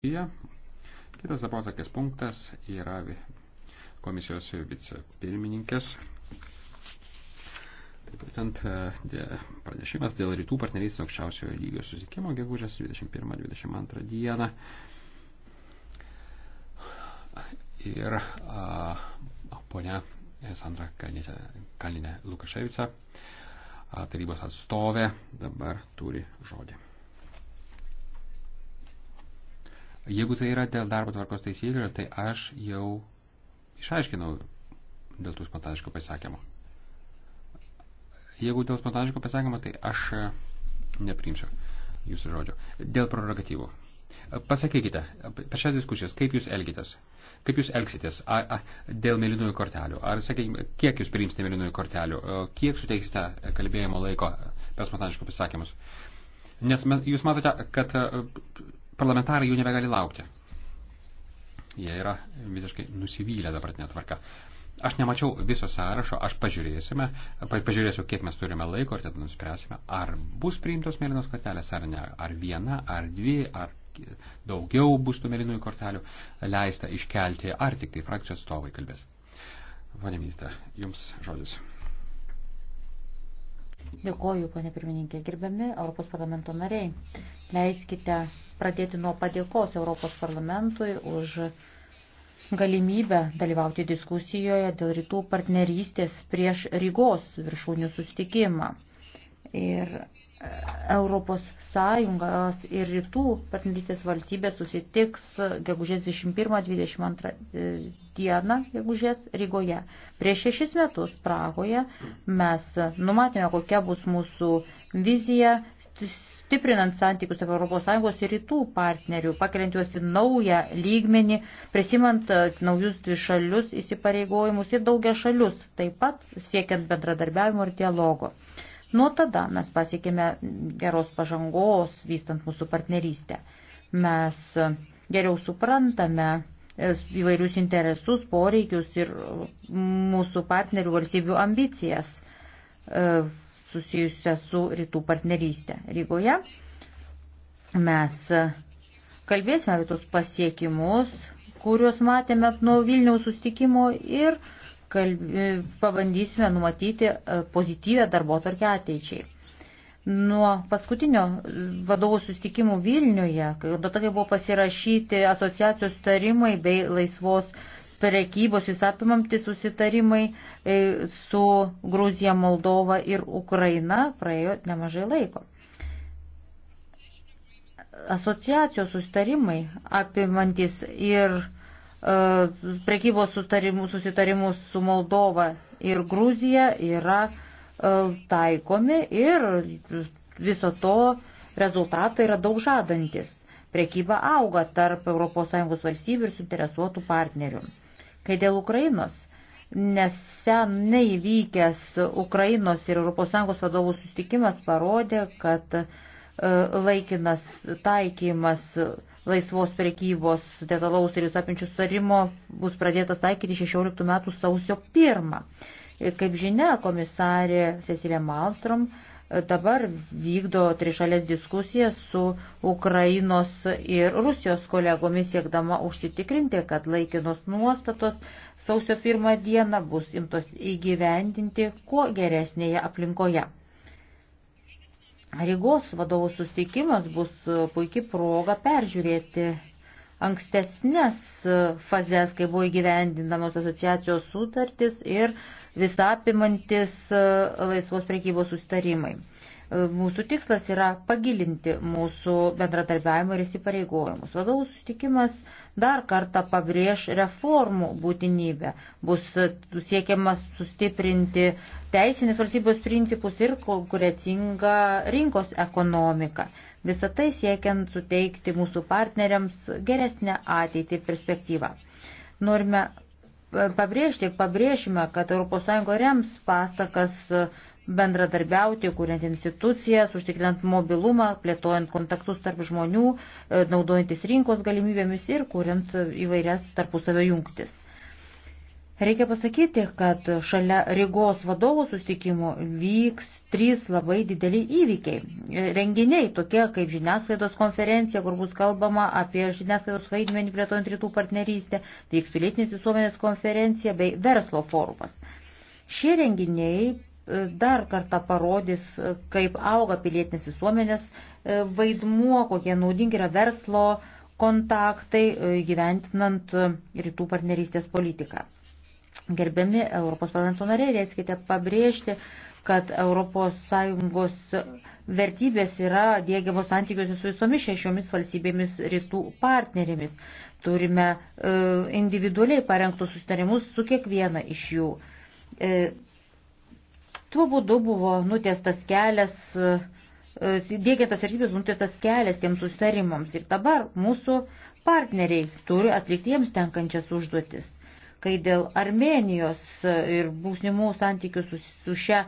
Kitas darbotvarkės punktas yra komisijos vicepirmininkės. Taip būtent e, pranešimas dėl rytų partnerystės aukščiausiojo lygio susitikimo gegužės 21-22 dieną. Ir a, ponia Sandra Kalinė, Kalinė Lukaševica, a, tarybos atstovė, dabar turi žodį. Jeigu tai yra dėl darbo tvarkos taisyklių, tai aš jau išaiškinau dėl tų spontaniškų pasakymų. Jeigu dėl spontaniškų pasakymų, tai aš neprimčiau jūsų žodžio. Dėl prerogatyvų. Pasakykite, per šias diskusijas, kaip jūs elgitės? Kaip jūs elgsitės a, a, dėl mėlynųjų kortelių? Ar, sakykime, kiek jūs priimsite mėlynųjų kortelių? Kiek suteiksite kalbėjimo laiko per spontaniškus pasakymus? Nes mes, jūs matote, kad parlamentarai jų nebegali laukti. Jie yra visiškai nusivylę dabartinė tvarka. Aš nemačiau viso sąrašo, aš pažiūrėsime, pažiūrėsiu, kiek mes turime laiko ir tada nuspręsime, ar bus priimtos mėlynos kortelės ar ne, ar viena, ar dvi, ar daugiau bus tų mėlynųjų kortelių leista iškelti, ar tik tai frakcijos atstovai kalbės. Pane ministrė, jums žodis. Dėkoju, pane pirmininkė, gerbiami Europos parlamento nariai. Leiskite pradėti nuo padėkos Europos parlamentui už galimybę dalyvauti diskusijoje dėl rytų partnerystės prieš Rygos viršūnių sustikimą. Ir e, Europos Sąjungos ir rytų partnerystės valstybės susitiks gegužės 21-22 e, dieną gegužės Rygoje. Prieš šešis metus Pragoje mes numatėme, kokia bus mūsų vizija stiprinant santykius tarp ES ir rytų partnerių, pakeliant juos į naują lygmenį, prisimant e, naujus dvišalius įsipareigojimus ir daugia šalius, taip pat siekiant bendradarbiavimo ir dialogo. Nuo tada mes pasiekėme geros pažangos, vystant mūsų partnerystę. Mes e, geriau suprantame e, įvairius interesus, poreikius ir mūsų partnerių valstybių ambicijas susijusią su rytų partnerystė. Rygoje mes kalbėsime apie tos pasiekimus, kuriuos matėme nuo Vilniaus sustikimo ir kalb... E, pabandysime numatyti e, pozityvę darbo tarkę ateičiai. Nuo paskutinio e, vadovų sustikimų Vilniuje, kada buvo pasirašyti asociacijos tarimai bei laisvos prekybos įsapimamti susitarimai e, su Gruzija, Moldova ir Ukraina praėjo nemažai laiko. Asociacijos susitarimai apimantis ir e, prekybos susitarimus su Moldova ir Gruzija yra e, taikomi ir viso to rezultatai yra daug žadantis. Prekyba auga tarp ES valstybių ir suinteresuotų partnerių. Kai dėl Ukrainos neseniai vykęs Ukrainos ir ES vadovų sustikimas parodė, kad e, laikinas taikymas laisvos prekybos detalaus ir visapinčių sutarimo bus pradėtas taikyti 16 metų sausio 1. E, kaip žinia, komisarė Cecilė Malstrom dabar vykdo trišalės diskusijas su Ukrainos ir Rusijos kolegomis siekdama užsitikrinti, kad laikinos nuostatos sausio pirmą dieną bus imtos įgyvendinti kuo geresnėje aplinkoje. Rygos vadovų susitikimas bus puikiai proga peržiūrėti ankstesnės fazes, kai buvo įgyvendinamos asociacijos sutartis ir uh, visapimantis e, laisvos prekybos sustarimai. E, mūsų tikslas yra pagilinti mūsų bendradarbiavimo ir įsipareigojimus. Vadovų sustikimas dar kartą pabrėž reformų būtinybę. Bus siekiama sustiprinti teisinės valstybės principus ir konkurencingą rinkos ekonomiką. Visą tai siekiant suteikti mūsų partneriams geresnę ateitį ir perspektyvą. Norime pabrėžti ir pabrėžime, kad ES rems pastakas bendradarbiauti, kuriant institucijas, užtikrinant mobilumą, plėtojant kontaktus tarp žmonių, e, naudojantis rinkos galimybėmis ir kuriant įvairias tarpusavio jungtis. Reikia pasakyti, kad šalia Rygos vadovų sustikimo vyks trys labai dideli įvykiai. Renginiai tokie kaip žiniasklaidos konferencija, kur bus kalbama apie žiniasklaidos vaidmenį plėtojant rytų partnerystę, vyks pilietinės visuomenės konferencija bei verslo forumas. Šie renginiai e, dar kartą parodys, e, kaip auga pilietinės visuomenės e, vaidmuo, kokie naudingi yra verslo kontaktai gyventinant rytų partnerystės politiką. Gerbiami Europos parlamento nariai, leiskite pabrėžti, kad ES vertybės yra dėgiamos santykiuose su visomis šešiomis valstybėmis rytų partnerėmis. Turime e, individualiai parengtus sustarimus su kiekviena iš jų. E, tuo būdu buvo nutestas kelias, e, dėgiantas vertybės nutestas kelias tiems sustarimams ir dabar mūsų partneriai turi atlikti jiems tenkančias užduotis kai dėl Armenijos e, ir būsimų santykių su, su šia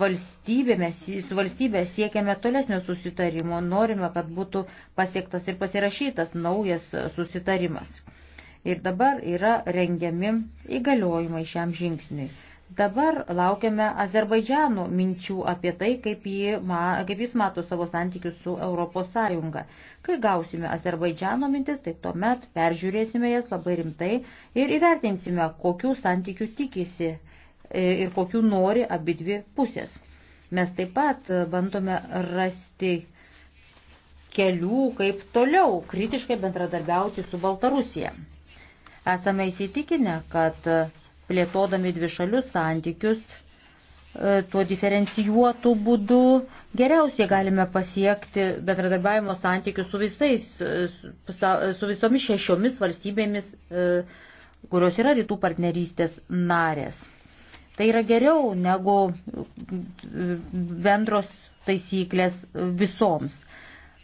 valstybė, mes su valstybė siekiame tolesnio susitarimo, norime, kad būtų pasiektas ir pasirašytas naujas susitarimas. Ir dabar yra rengiami įgaliojimai šiam žingsniui. Dabar laukiame Azerbaidžiano minčių apie tai, kaip, jį, kaip jis mato savo santykius su ES. Kai gausime Azerbaidžiano mintis, tai tuomet peržiūrėsime jas labai rimtai ir įvertinsime, kokių santykių tikisi e, ir kokių nori abidvi pusės. Mes taip pat bandome rasti kelių, kaip toliau kritiškai bendradarbiauti su Baltarusija. Esame įsitikinę, kad plėtodami dvišalius santykius, e, tuo diferencijuotų būdų geriausiai galime pasiekti bendradarbiavimo santykių su visais, e, e, su visomis šešiomis valstybėmis, kurios yra rytų partnerystės narės. Tai yra geriau negu bendros taisyklės visoms.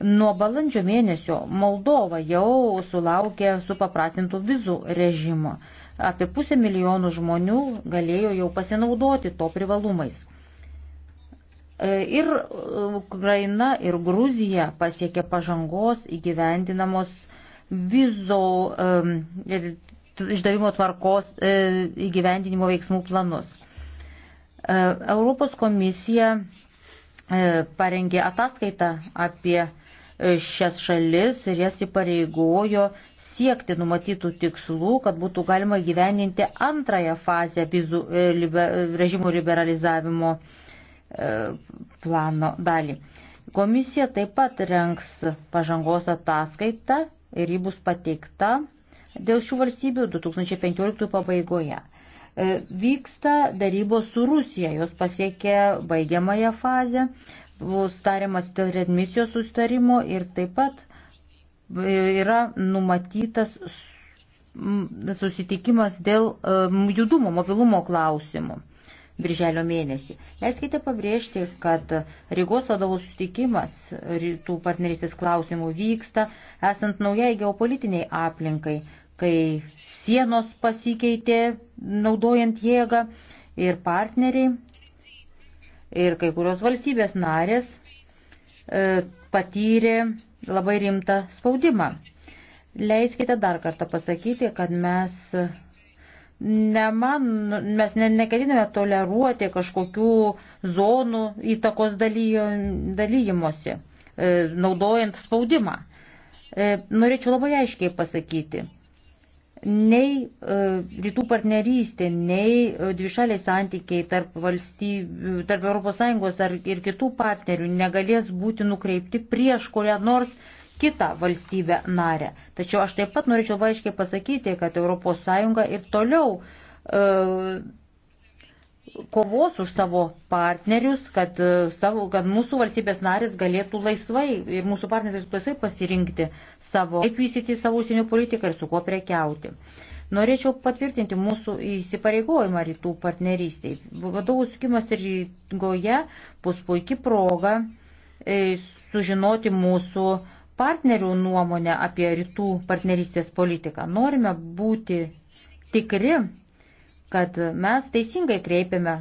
Nuo balandžio mėnesio Moldova jau sulaukė supaprasintų vizų režimo apie pusę milijonų žmonių galėjo jau pasinaudoti to privalumais. E, ir e, Ukraina, ir Gruzija pasiekė pažangos įgyvendinamos vizo e, išdavimo tvarkos e, įgyvendinimo veiksmų planus. E, Europos komisija e, parengė ataskaitą apie šias šalis ir jas įpareigojo siekti numatytų tikslų, kad būtų galima gyveninti antrąją fazę vizų e, liber, režimų liberalizavimo e, plano dalį. Komisija taip pat renks pažangos ataskaitą ir ji bus pateikta dėl šių valstybių 2015 pabaigoje. E, vyksta darybos su Rusija, jos pasiekė baigiamąją fazę, bus tariamas dėl redmisijos sustarimo ir taip pat yra numatytas susitikimas dėl judumo, mobilumo klausimų. Birželio mėnesį. Leiskite pabrėžti, kad Rygos vadovų susitikimas rytų partnerystės klausimų vyksta, esant naujai geopolitiniai aplinkai, kai sienos pasikeitė naudojant jėgą ir partneriai, ir kai kurios valstybės narės e, patyrė labai rimtą spaudimą. Leiskite dar kartą pasakyti, kad mes, neman, mes ne, neketiname toleruoti kažkokių zonų įtakos dalyjo, dalyjimuose, e, naudojant spaudimą. E, norėčiau labai aiškiai pasakyti, Nei e, rytų partnerystė, nei e, dvišaliai santykiai tarp, valstybių, tarp ES ar ir kitų partnerių negalės būti nukreipti prieš kurią nors kitą valstybę narę. Tačiau aš taip pat norėčiau aiškiai pasakyti, kad ES ir toliau e, kovos už savo partnerius, kad, e, savo, kad mūsų valstybės narės galėtų laisvai ir mūsų partneris laisvai pasirinkti savo, kaip vystyti savo užsienio politiką ir su kuo prekiauti. Norėčiau patvirtinti mūsų įsipareigojimą rytų partnerystiai. Vadovų sukimas rygoje bus puikia proga e, sužinoti mūsų partnerių nuomonę apie rytų partnerystės politiką. Norime būti tikri, kad mes teisingai kreipiame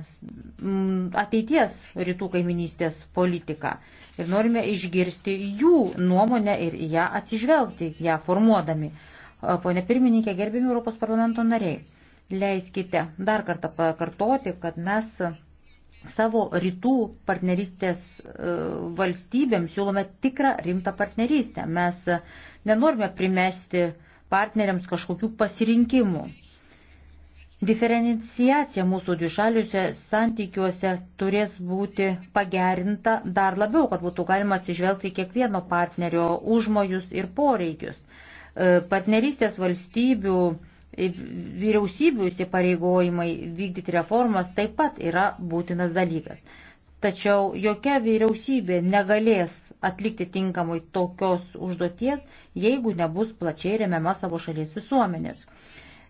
ateities rytų kaiminystės politiką ir norime išgirsti jų nuomonę ir ją atsižvelgti, ją formuodami. Pone pirmininkė, gerbimi Europos parlamento nariai, leiskite dar kartą pakartoti, kad mes savo rytų partnerystės e, valstybėms siūlome tikrą rimtą partnerystę. Mes nenorime primesti partneriams kažkokių pasirinkimų. Diferenciacija mūsų dvišaliuose santykiuose turės būti pagerinta dar labiau, kad būtų galima atsižvelgti kiekvieno partnerio užmojus ir poreikius. E, partnerystės valstybių, e, vyriausybių įsipareigojimai vykdyti reformas taip pat yra būtinas dalykas. Tačiau jokia vyriausybė negalės atlikti tinkamai tokios užduoties, jeigu nebus plačiai remiama savo šalies visuomenės.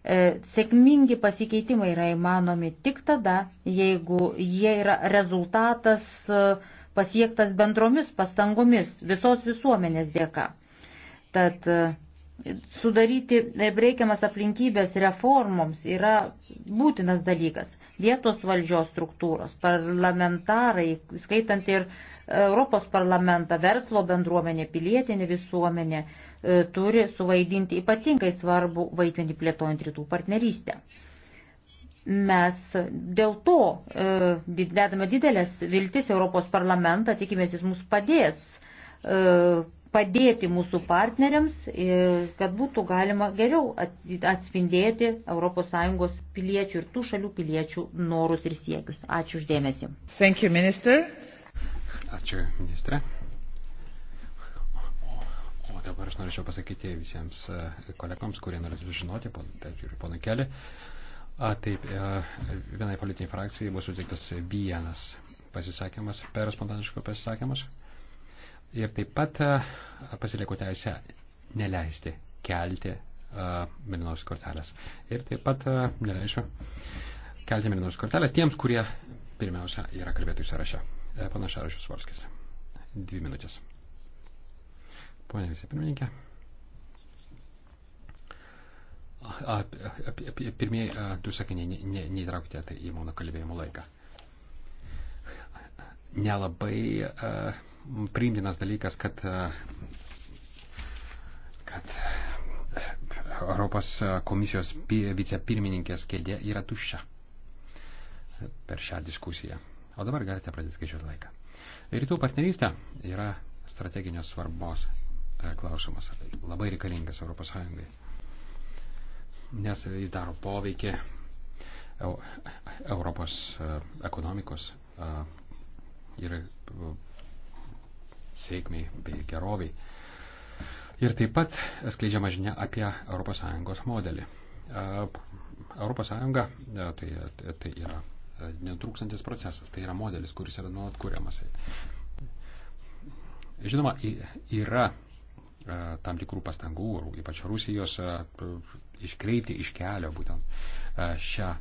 E, sėkmingi pasikeitimai yra įmanomi tik tada, jeigu jie yra rezultatas e, pasiektas bendromis pastangomis visos visuomenės dėka. Tad e, sudaryti reikiamas aplinkybės reformoms yra būtinas dalykas. Vietos valdžios struktūros, parlamentarai, skaitant ir Europos parlamentą, verslo bendruomenė, pilietinė visuomenė E, turi suvaidinti ypatingai svarbu vaidmenį plėtojant rytų partnerystę. Mes dėl to e, dedame didelės viltis Europos parlamentą, tikimės jis mums padės e, padėti mūsų partneriams, e, kad būtų galima geriau atspindėti ES piliečių ir tų šalių piliečių norus ir siekius. Ačiū uždėmesi. Thank you, minister. Ačiū, ministre. Dabar aš norėčiau pasakyti visiems e, kolegoms, kurie norėtų žinoti, ir ponui Keli. A, taip, e, vienai politiniai frakcijai bus suteiktas vienas pasisakymas, per spontaniškų pasisakymus. Ir taip pat e, pasilieku teisę neleisti kelti mirinos kortelės. Ir taip pat neleisiu kelti mirinos kortelės tiems, kurie pirmiausia yra kalbėtojų sąraše. Panašarašius Vorskis. Dvi minutės. Pone vicepirmininkė. Pirmieji du sakiniai, neįtraukite ne, ne tai į mano kalbėjimo laiką. Nelabai a, priimtinas dalykas, kad, a, kad Europos komisijos vicepirmininkės kėdė yra tuščia per šią diskusiją. O dabar galite pradėti skaičiuoti laiką. Rytų partnerystė yra strateginės svarbos E, klausimas labai reikalingas ES. Nes jis daro poveikį Europos e, ekonomikos e, ir sėkmiai bei geroviai. Ir taip pat skleidžiama žinia apie ES modelį. ES tai, tai yra netrūkstantis procesas, tai yra modelis, kuris yra nuolat kuriamas. Žinoma, yra E, tam tikrų pastangų, ypač Rusijos, e, iškreipti iš kelio būtent e, šią,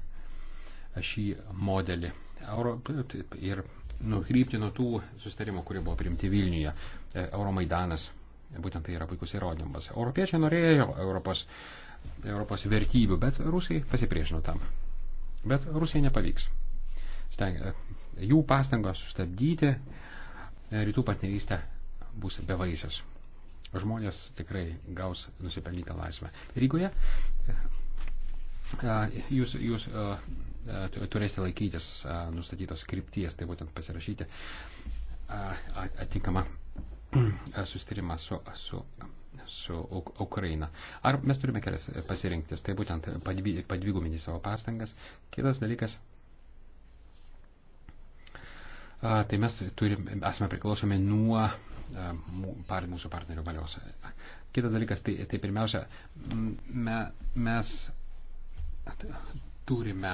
šį modelį Euro, ir nukrypti nuo tų sustarimų, kurie buvo priimti Vilniuje. Euromaidanas, būtent tai yra puikus įrodymas. Europiečiai norėjo Europos, Europos vertybių, bet Rusai pasipriešino tam. Bet Rusijai nepavyks. Steng, jų pastangos sustabdyti rytų partnerystę bus bevaisės žmonės tikrai gaus nusipelnytą laisvę. Rygoje jūs, jūs turėsite laikytis nustatytos krypties, tai būtent pasirašyti atitinkamą sustarimą su, su, su Ukraina. Ar mes turime kelias pasirinktis, tai būtent padviguminti savo pastangas. Kitas dalykas, tai mes turim, esame priklausomi nuo E, mūsų partnerių valios. Kitas dalykas, tai, tai pirmiausia, me, mes turime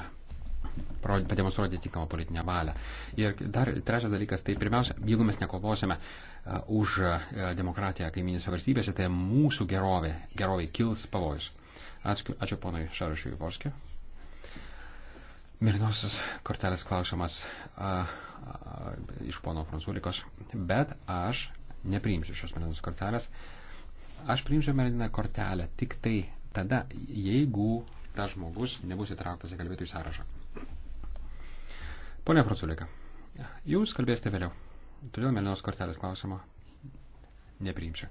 pademonstruoti tinkamą politinę valią. Ir dar trečias dalykas, tai pirmiausia, jeigu mes nekovosime e, už e, demokratiją kaiminėse valstybėse, tai mūsų gerovė, gerovė kils pavojus. Ačiū, ačiū ponui Šarušui Vorskiu. Mirinosios kortelės klausimas a, a, iš pono Fransulikos, bet aš nepriimsiu šios mėlynos kortelės. Aš priimsiu mėlyną kortelę tik tai tada, jeigu tas žmogus nebus įtrauktas į kalbėtojų sąrašą. Pone Franculika, jūs kalbėsite vėliau. Todėl mėlynos kortelės klausimo nepriimsiu.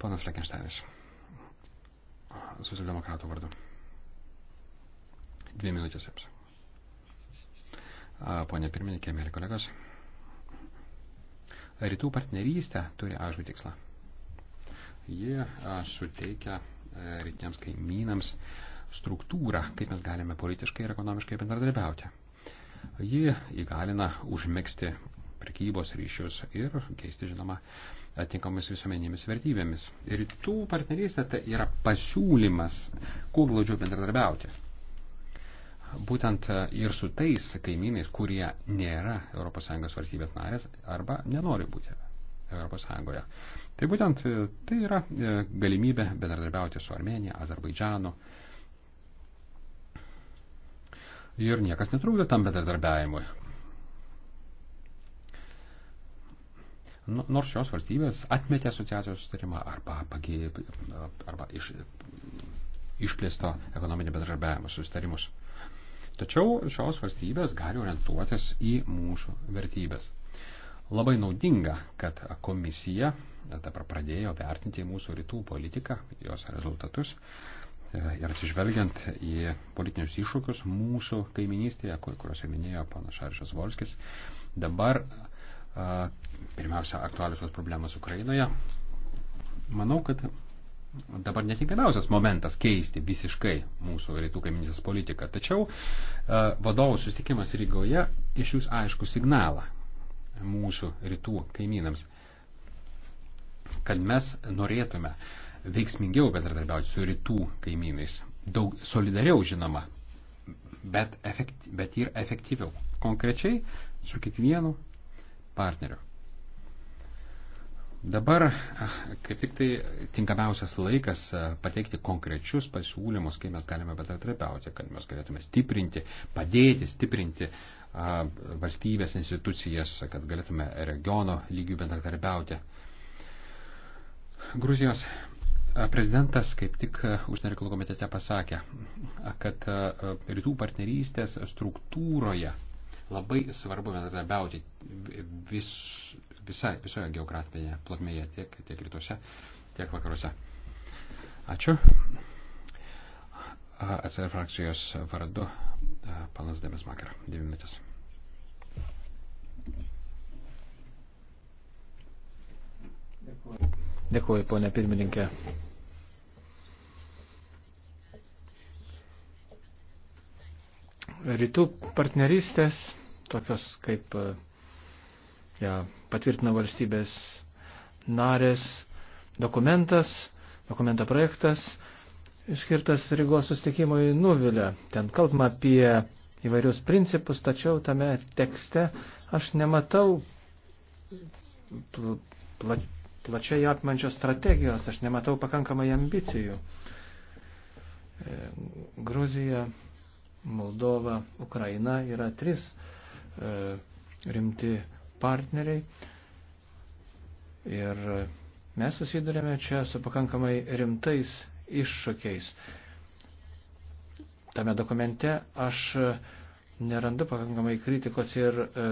Ponas Lekenštainis, socialdemokratų vardu. Dvi minutės jums. Pone pirmininkė, mėly kolegos. Rytų partnerystė turi aišku tikslą. Ji suteikia e, rytiems kaimynams struktūrą, kaip mes galime politiškai ir ekonomiškai bendradarbiauti. Ji įgalina užmėgsti prekybos ryšius ir keisti, žinoma, atinkamomis visuomenėmis vertybėmis. Rytų partnerystė tai yra pasiūlymas, kuo glaudžiau bendradarbiauti būtent e, ir su tais kaimynais, kurie nėra ES valstybės narės arba nenori būti ES. Tai būtent e, tai yra e, galimybė bendradarbiauti su Armenija, Azerbaidžanu. Ir niekas netrukdo tam bendradarbiavimui. Nors šios valstybės atmetė asociacijos sustarimą arba, pagė, arba iš, išplėsto ekonominio bendradarbiavimo sustarimus. Tačiau šios valstybės gali orientuotis į mūsų vertybės. Labai naudinga, kad komisija dabar pradėjo vertinti mūsų rytų politiką, jos rezultatus e, ir atsižvelgiant į politinius iššūkius mūsų kaiminystėje, kuriuose minėjo panas Šaršas Volskis, dabar e, pirmiausia aktualiusios problemos Ukrainoje. Manau, kad dabar netinkamiausias momentas keisti visiškai mūsų rytų kaiminės politiką. Tačiau e, vadovų susitikimas Rygoje išjūs aišku signalą mūsų rytų kaimynams, kad mes norėtume veiksmingiau bendradarbiauti su rytų kaimynais, daug solidariau žinoma, bet, efekt, bet ir efektyviau, konkrečiai su kiekvienu partneriu. Dabar kaip tik tai tinkamiausias laikas pateikti konkrečius pasiūlymus, kai mes galime bendradarbiauti, kad mes galėtume stiprinti, padėti stiprinti valstybės institucijas, kad galėtume regiono lygių bendradarbiauti. Gruzijos prezidentas kaip tik užsienio reikalų komitete pasakė, kad rytų partnerystės struktūroje Labai svarbu bendradarbiauti vis, visai, visoje geografinėje plotmėje, tiek, tiek rytuose, tiek vakaruose. Ačiū. ACR frakcijos vardu panas Debes Makara. Dvi minutės. Dėkuoju, ponė pirmininkė. rytų partnerystės, tokios kaip e, ja, patvirtina valstybės narės dokumentas, dokumento projektas, iškirtas Rygos sustikimui nuvilia. Ten kalbama apie įvairius principus, tačiau tame tekste aš nematau pla, pla, plačiai apmančios strategijos, aš nematau pakankamai ambicijų. E, Gruzija Moldova, Ukraina yra tris e, rimti partneriai. Ir mes susidurėme čia su pakankamai rimtais iššūkiais. Tame dokumente aš nerandu pakankamai kritikos ir e,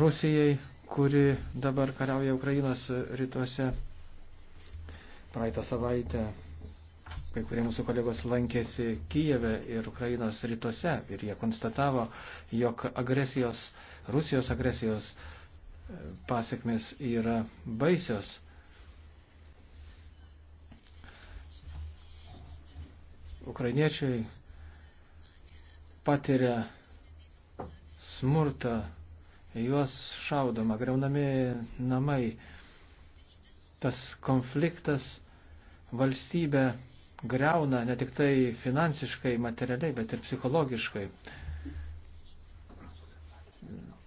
Rusijai, kuri dabar kariauja Ukrainos rytuose. Praeitą savaitę Kai kurie mūsų kolegos lankėsi Kijeve ir Ukrainos rytuose ir jie konstatavo, jog agresijos, Rusijos agresijos e, pasiekmes yra baisios. Ukrainiečiai patiria smurtą, juos šaudoma, greunami namai. Tas konfliktas valstybė greuna ne tik tai finansiškai, materialiai, bet ir psichologiškai.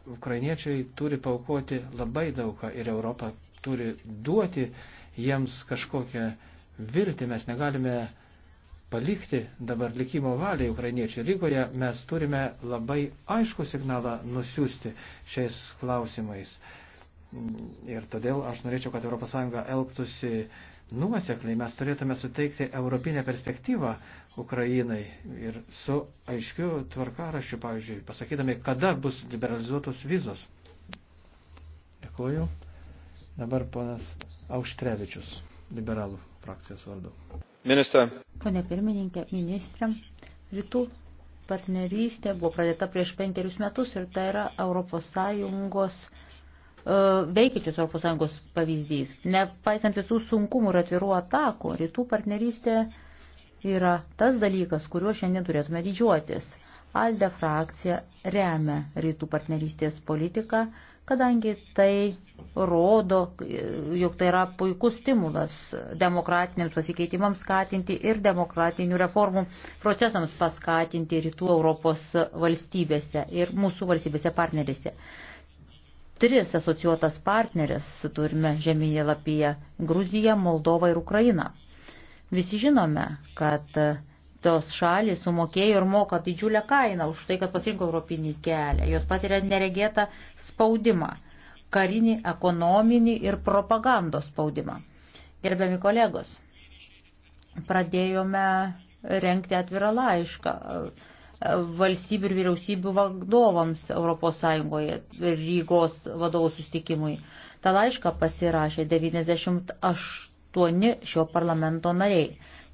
Ukrainiečiai turi paukoti labai daugą ir Europa turi duoti jiems kažkokią viltį. Mes negalime palikti dabar likimo valiai ukrainiečiai. Rygoje mes turime labai aišku signalą nusiųsti šiais klausimais. Ir todėl aš norėčiau, kad ES elgtųsi nuosekliai mes turėtume suteikti europinę perspektyvą Ukrainai ir su aiškiu tvarkarašiu, pavyzdžiui, pasakydami, kada bus liberalizuotos vizos. Dėkuoju. Dabar ponas Auštrevičius, liberalų frakcijos vardu. Ministra. Pone pirmininkė, ministrė, rytų partnerystė buvo pradėta prieš penkerius metus ir tai yra Europos Sąjungos E, veikiančios ES pavyzdys. Nepaisant visų sunkumų ir atvirų atakų, rytų partnerystė yra tas dalykas, kuriuo šiandien turėtume didžiuotis. Alde frakcija remia rytų partnerystės politiką, kadangi tai rodo, jog tai yra puikus stimulas demokratiniams pasikeitimams skatinti ir demokratinių reformų procesams paskatinti rytų Europos valstybėse ir mūsų valstybėse partnerėse tris asociuotas partnerės turime žemynė lapyje - Gruziją, Moldovą ir Ukrainą. Visi žinome, kad tos šalys sumokėjo ir moka didžiulę kainą už tai, kad pasirinko europinį kelią. Jos patiria neregėtą spaudimą - karinį, ekonominį ir propagandos spaudimą. Gerbiami kolegos, pradėjome renkti atvirą laišką valstybių ir vyriausybių vadovams ES Rygos vadovų sustikimui. Ta laišką pasirašė 98 šio parlamento nariai.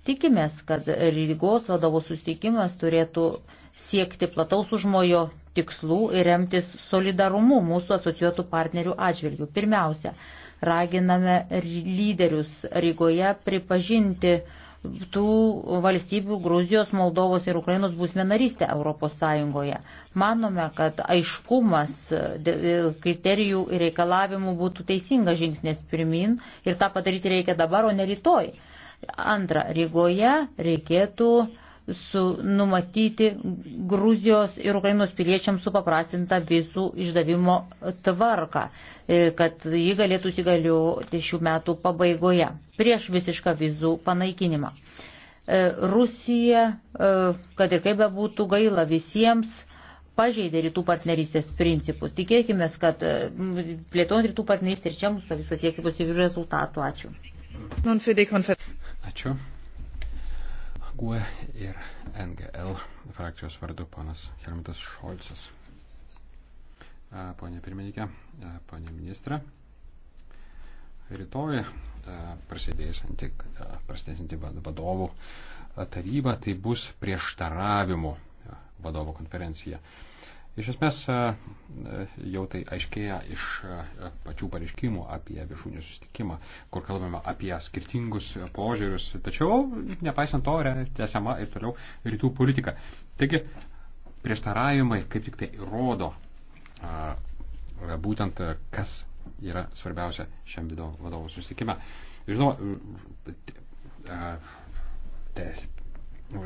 Tikimės, kad Rygos vadovų sustikimas turėtų siekti plataus užmojo tikslų ir remtis solidarumu mūsų asociuotų partnerių atžvilgių. Pirmiausia, raginame lyderius Rygoje pripažinti, tų valstybių Gruzijos, Moldovos ir Ukrainos būsime narystę Europos Sąjungoje. Manome, kad aiškumas e, kriterijų ir reikalavimų būtų teisingas žingsnis pirmin ir tą padaryti reikia dabar, o ne rytoj. Antra, Rygoje reikėtų uh, su numatyti Gruzijos ir Ukrainos piliečiams supaprastintą visų išdavimo tvarką, e, kad ji galėtų įsigaliuoti šių metų pabaigoje, prieš visišką vizų panaikinimą. E, Rusija, e, kad ir kaip bebūtų gaila visiems, pažeidė rytų partnerystės principus. Tikėkime, kad plėtojant rytų partnerystę ir čia mums pavyks pasiekti pozityvių rezultatų. Ačiū. Ačiū. GUE ir NGL frakcijos vardu ponas Helmutas Šolcas. Pone pirmininkė, pone ministrė, rytoj prasidėsinti, prasidėsinti vadovų taryba, tai bus prieštaravimų vadovų konferencija. Iš esmės e, e, jau tai aiškėja iš e, pačių pareiškimų apie viršūnį susitikimą, kur kalbame apie skirtingus požiūrius, tačiau nepaisant to tęsiama ir toliau rytų politika. Taigi prieštaravimai kaip tik tai rodo būtent kas yra svarbiausia šiam vadovų susitikime. Žinau, Nu,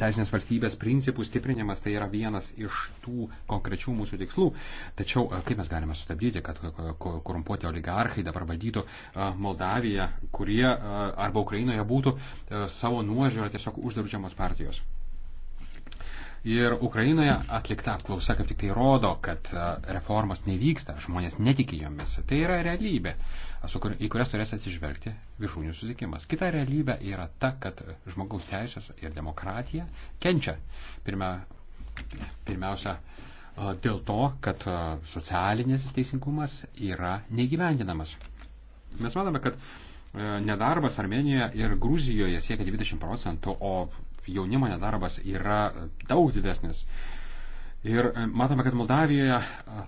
teisinės valstybės principų stiprinimas tai yra vienas iš tų konkrečių mūsų tikslų. Tačiau kaip mes galime sustabdyti, kad korumpuoti oligarchai dabar valdytų Moldaviją, kurie arba Ukrainoje būtų savo nuožiūrą tiesiog uždraudžiamos partijos. Ir Ukrainoje atlikta apklausa kaip tik tai rodo, kad e, reformos nevyksta, žmonės netiki jomis. Tai yra realybė, kur, į kurias turės atsižvelgti viršūnių susikimas. Kita realybė yra ta, kad žmogaus teisės ir demokratija kenčia. Pirmia, pirmiausia, e, dėl to, kad e, socialinis teisingumas yra negyvendinamas. Mes matome, kad nedarbas Armenijoje ir Gruzijoje siekia 20 procentų, o jaunimo nedarbas yra daug didesnis. Ir e, matome, kad Moldavijoje e,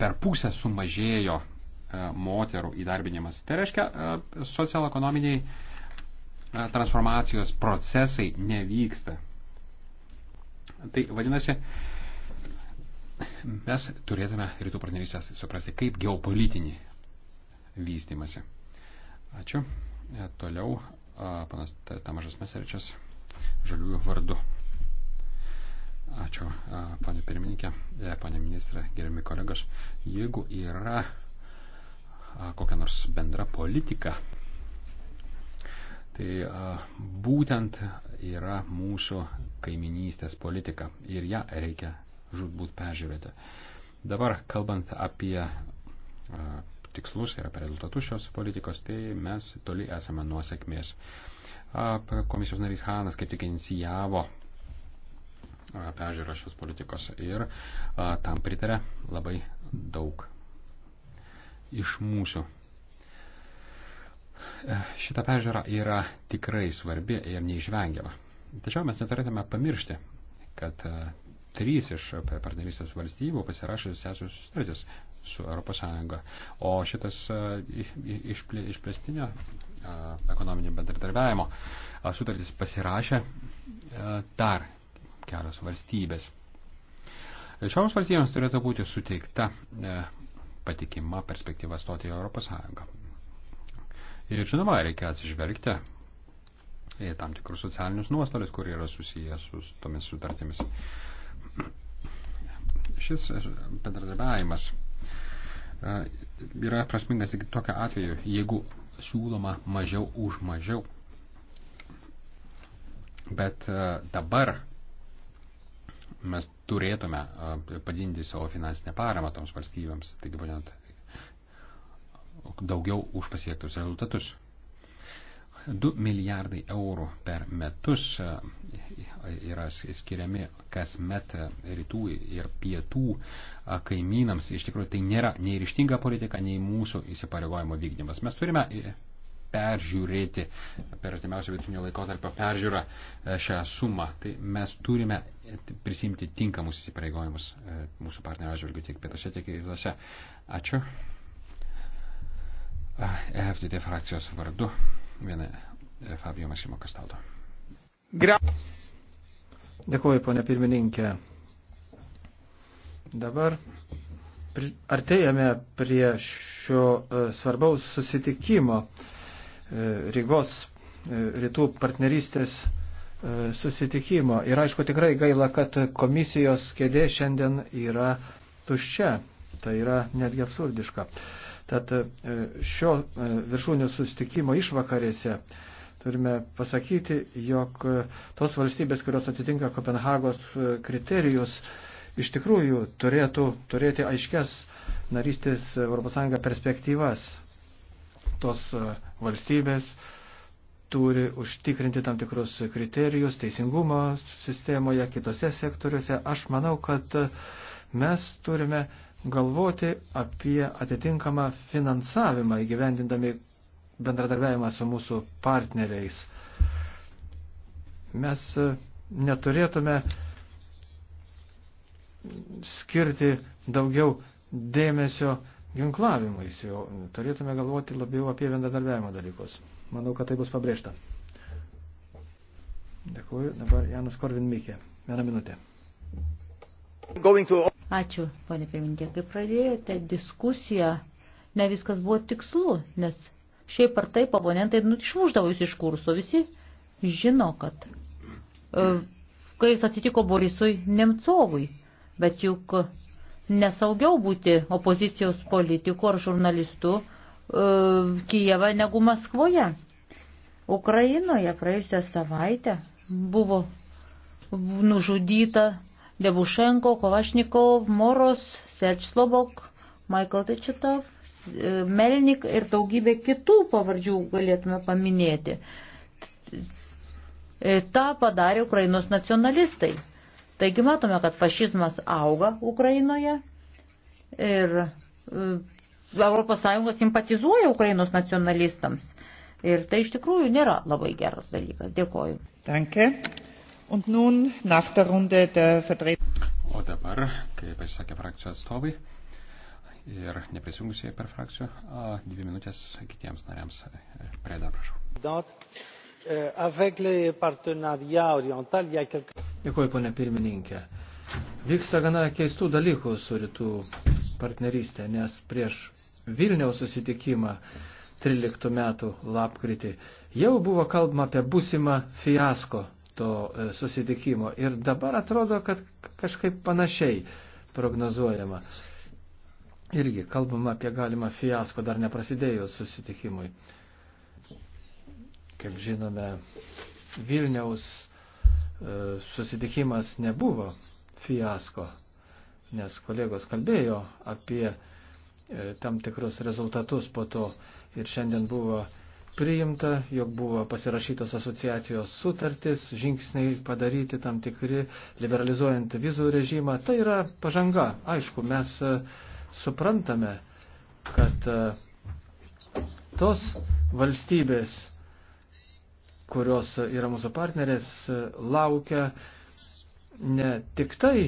per pusę sumažėjo e, moterų įdarbinimas. Tai reiškia, socioekonominiai transformacijos procesai nevyksta. Tai vadinasi, mes turėtume rytų partnerystės suprasti kaip geopolitinį vystimasi. Ačiū. Toliau panas Tamažas Meseričias, žaliųjų vardu. Ačiū, panė pirmininkė, e, panė ministrė, gerimi kolegos. Jeigu yra kokia nors bendra politika, tai būtent yra mūsų kaiminystės politika ir ją reikia žudbūt peržiūrėti. Dabar kalbant apie tikslus ir apie rezultatus šios politikos, tai mes toli esame nuo sėkmės. Komisijos narys Hanas kaip tik inicijavo peržiūrą šios politikos ir a, tam pritarė labai daug iš mūsų. E, šita peržiūra yra tikrai svarbi ir neišvengiama. Tačiau mes neturėtume pamiršti, kad a, e, trys iš partnerystės valstybių pasirašė sesijos sutartis su ES. O šitas e, išplėstinio e, ekonominio bendradarbiavimo e, sutartis pasirašė dar kelios valstybės. Šioms valstybėms turėtų būti suteikta patikima perspektyva stoti į ES. Ir žinoma, reikia atsižvelgti į tam tikrus socialinius nuostolius, kurie yra susijęs su tomis sutartimis. Šis bendradarbiavimas yra prasmingas tik tokia atveju, jeigu siūloma mažiau už mažiau. Bet dabar mes turėtume padinti savo finansinę paramą toms valstybėms, taigi būtent daugiau už pasiektus rezultatus. 2 milijardai eurų per metus e, yra skiriami kasmet rytų ir pietų kaimynams. Iš tikrųjų, tai nėra nei ryštinga politika, nei mūsų įsipareigojimo vykdymas. Mes turime e, peržiūrėti per artimiausią vidutinio laikotarpio peržiūrą e, šią sumą. Tai mes turime prisimti tinkamus įsipareigojimus mūsų partnerio atžvilgių tiek pietose, tiek rytuose. Ačiū. FDT frakcijos vardu Viena eh, Fabio Masimo Kastaldo. Gra. Dėkuoju, ponė pirmininkė. Dabar artėjame prie šio e, svarbaus susitikimo e, Rygos e, rytų partnerystės susitikimo. Ir aišku, tikrai gaila, kad komisijos kėdė šiandien yra tuščia. Tai yra netgi absurdiška. Tad e, šio e, viršūnių sustikimo išvakarėse turime pasakyti, jog e, tos valstybės, kurios atitinka Kopenhagos kriterijus, iš tikrųjų turėtų turėti aiškias narystės ES perspektyvas. Tos valstybės turi užtikrinti tam tikrus kriterijus teisingumo sistemoje, kitose sektoriuose. Aš manau, kad mes turime galvoti apie atitinkamą finansavimą įgyvendindami bendradarbiavimą su mūsų partneriais. Mes e, neturėtume skirti daugiau dėmesio ginklavimuis, jau turėtume galvoti labiau apie bendradarbiavimo dalykus. Manau, kad tai bus pabrėžta. Dėkuoju. Dabar Janus Korvin Mikė. Vieną minutę. Ačiū, ponė pirmininkė, kai pradėjote diskusiją, ne viskas buvo tikslu, nes šiaip ar taip oponentai nu, išmuždavo jūs iš kurso, visi žino, kad e, kai jis atsitiko Borisui Nemcovui, bet juk nesaugiau būti opozicijos politiku ar žurnalistu e, Kijeva negu Maskvoje. Ukrainoje praėjusią savaitę buvo nužudyta Debušenko, Kovašnikov, Moros, Serč Slobok, Michael Tečitov, e, Melnik ir daugybė kitų pavardžių galėtume paminėti. E, Ta padarė Ukrainos nacionalistai. Taigi matome, kad fašizmas auga Ukrainoje ir ES simpatizuoja Ukrainos nacionalistams. Ir tai iš tikrųjų nėra labai geras dalykas. Dėkoju. Danke. O dabar, kaip pasisakė frakcijų atstovai ir neprisijungusiai per frakcijų, dvi minutės kitiems nariams. Preda, prašau. E, Dėkuoju, ponė pirmininkė. Vyksta gana keistų dalykų su rytų partnerystė, nes prieš Vilniaus susitikimą 13 metų lapkritį jau buvo kalbama apie būsimą fiasko to e, susitikimo. Ir dabar atrodo, kad kažkaip panašiai prognozuojama. Irgi kalbama apie galimą fiasko dar neprasidėjus susitikimui. Kaip žinome, Vilniaus e, susitikimas nebuvo fiasko, nes kolegos kalbėjo apie e, tam tikrus rezultatus po to ir šiandien buvo priimta, jog buvo pasirašytos asociacijos sutartis, žingsniai padaryti tam tikri, liberalizuojant vizų režimą. Tai yra pažanga. Aišku, mes e, suprantame, kad e, tos valstybės, kurios yra mūsų partnerės, e, laukia ne tik tai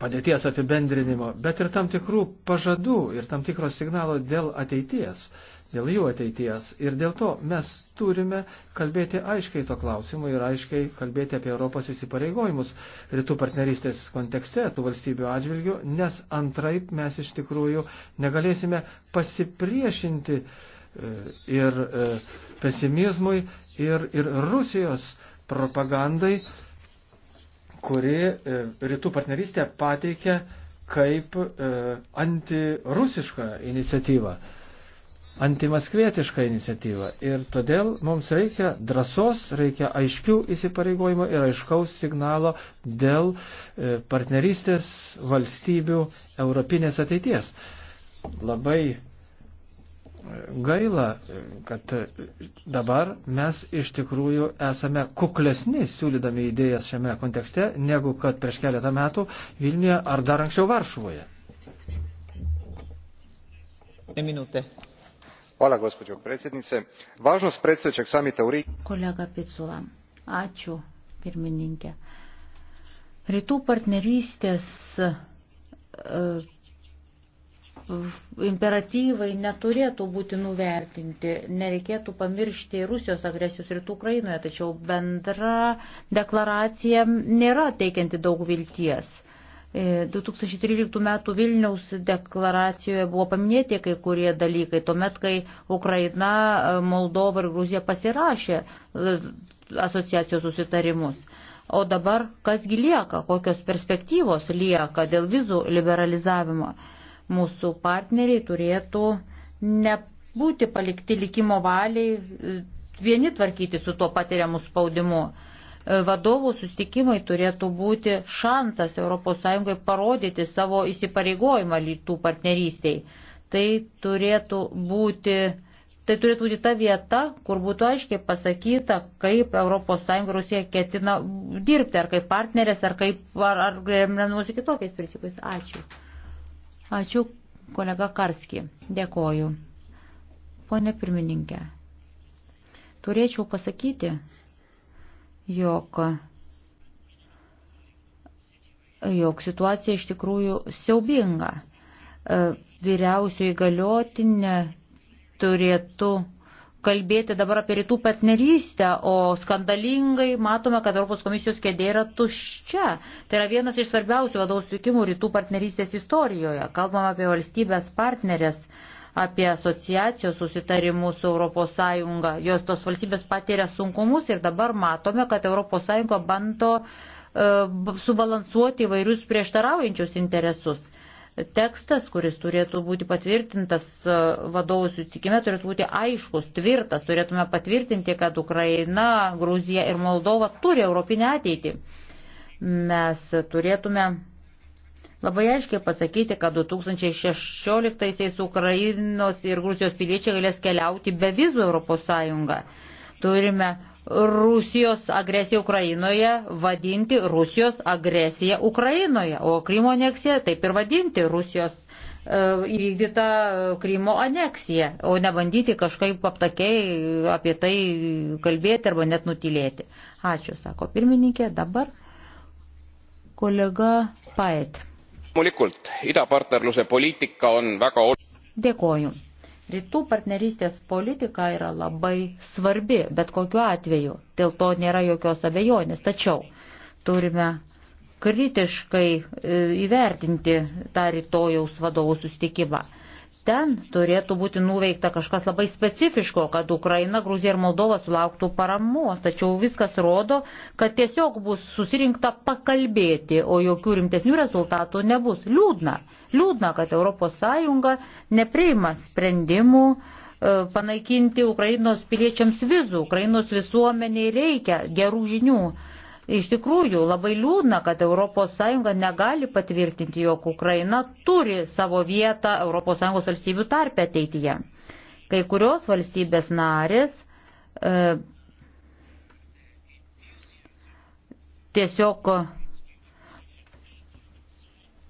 padėties apibendrinimo, bet ir tam tikrų pažadų ir tam tikro signalo dėl ateities, dėl jų ateities. Ir dėl to mes turime kalbėti aiškiai to klausimu ir aiškiai kalbėti apie Europos įsipareigojimus rytų partnerystės kontekste tų valstybių atžvilgių, nes antraip mes iš tikrųjų negalėsime pasipriešinti e, ir e, pesimizmui, ir, ir Rusijos propagandai kuri e, rytų partnerystę pateikia kaip e, antirusišką iniciatyvą, antimaskvietišką iniciatyvą. Ir todėl mums reikia drąsos, reikia aiškių įsipareigojimų ir aiškaus signalo dėl e, partnerystės valstybių europinės ateities. Labai gaila, kad dabar mes iš tikrųjų esame kuklesni siūlydami idėjas šiame kontekste, negu kad prieš keletą metų Vilniuje ar dar anksčiau Varšuvoje. Minutė. Hvala, gospođo predsjednice. Važnost predstojećeg samita u Rigi... Kolega Picula, ačiū, pirmininkė. Rytų partnerystės uh, imperatyvai neturėtų būti nuvertinti, nereikėtų pamiršti Rusijos agresijos rytų Ukrainoje, tačiau bendra deklaracija nėra teikianti daug vilties. 2013 e, m. Vilniaus deklaracijoje buvo paminėti kai kurie dalykai, tuomet, kai Ukraina, e, Moldova ir Gruzija pasirašė e, asociacijos susitarimus. O dabar kasgi lieka, kokios perspektyvos lieka dėl vizų liberalizavimo. Mūsų partneriai turėtų nebūti palikti likimo valiai e, vieni tvarkyti su tuo patiriamu spaudimu. E, vadovų sustikimai turėtų būti šansas ES parodyti savo įsipareigojimą lytų partnerystiai. Tai turėtų būti tai turėtų būti ta vieta, kur būtų aiškiai pasakyta, kaip ES Rusija ketina dirbti, ar kaip partnerės, ar kaip, ar, ar remiamusi kitokiais principais. Ačiū. Ačiū, kolega Karski. Dėkoju. Pone pirmininkė, turėčiau pasakyti, jog, jog situacija iš tikrųjų siaubinga. E, Vyriausių įgaliotinė turėtų kalbėti dabar apie rytų partnerystę, o skandalingai matome, kad Europos komisijos kėdė yra tuščia. Tai yra vienas iš svarbiausių vadovų sutikimų rytų partnerystės istorijoje. Kalbam apie valstybės partnerės, apie asociacijos susitarimus su ES. Jos tos valstybės patiria sunkumus ir dabar matome, kad ES bando e, subalansuoti įvairius prieštaraujančius interesus tekstas, kuris turėtų būti patvirtintas e, vadovų sutikime, turėtų būti aiškus, tvirtas. Turėtume patvirtinti, kad Ukraina, Gruzija ir Moldova turi europinę ateitį. Mes turėtume labai aiškiai pasakyti, kad 2016-aisiais Ukrainos ir Gruzijos piliečiai galės keliauti be vizų Europos Sąjungą. Turime Rusijos agresiją Ukrainoje vadinti Rusijos agresiją Ukrainoje, o Krymo aneksiją taip ir vadinti Rusijos e, įvykdyta Krymo aneksija, o nebandyti kažkaip aptakiai apie tai kalbėti arba net nutilėti. Ačiū, sako pirmininkė, dabar kolega Paet. Dėkoju Rytų partnerystės politika yra labai svarbi, bet kokiu atveju, dėl to nėra jokios abejonės. Tačiau turime kritiškai e, įvertinti tą rytojaus vadovų sustikimą ten turėtų būti nuveikta kažkas labai specifiško, kad Ukraina, Gruzija ir Moldova sulauktų paramos. Tačiau viskas rodo, kad tiesiog bus susirinkta pakalbėti, o jokių rimtesnių rezultatų nebus. Liūdna. Liūdna, kad ES nepriima sprendimų e, panaikinti Ukrainos piliečiams vizų. Ukrainos visuomeniai reikia gerų žinių. Iš tikrųjų, labai liūdna, kad ES negali patvirtinti, jog Ukraina turi savo vietą ES valstybių tarpę ateityje. Kai kurios valstybės narės e, tiesiog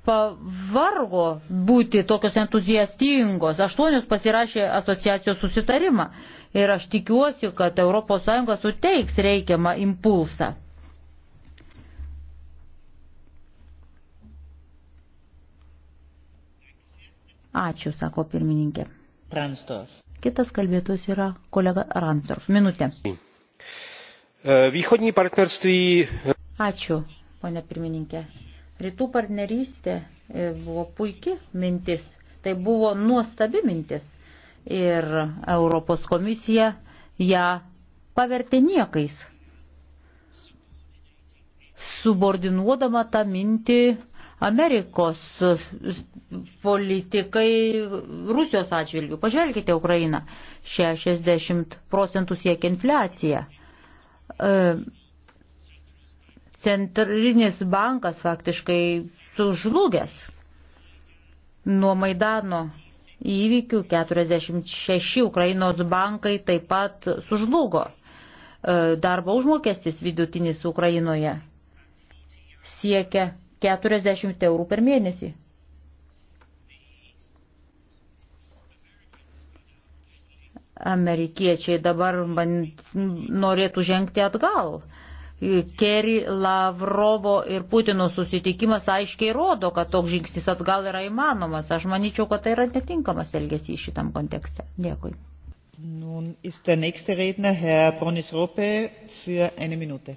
pavargo būti tokios entuziastingos. Aštuonius pasirašė asociacijos susitarimą ir aš tikiuosi, kad ES suteiks reikiamą impulsą. Ačiū, sako pirmininkė. Ransdorf. Kitas kalbėtojas yra kolega Ransdorf. Minutė. E, východní partnerství. Ačiū, ponė pirmininkė. Rytų partnerystė e, buvo puikia mintis. Tai buvo nuostabi mintis. Ir Europos komisija ją pavertė niekais, subordinuodama tą mintį Amerikos politikai Rusijos atžvilgių. Pažvelkite Ukrainą. 60 procentų siekia infliacija. E, centrinis bankas faktiškai sužlugęs. Nuo Maidano įvykių 46 Ukrainos bankai taip pat sužlugo. E, darbo užmokestis vidutinis Ukrainoje siekia 40 eurų per mėnesį. Amerikiečiai dabar norėtų žengti atgal. Kerry, Lavrovo ir Putino susitikimas aiškiai rodo, kad toks žingsnis atgal yra įmanomas. Aš manyčiau, kad tai yra netinkamas elgesys šitam kontekste. Dėkui. Nun ist der nächste Redner Herr Bronis Rope für eine Minute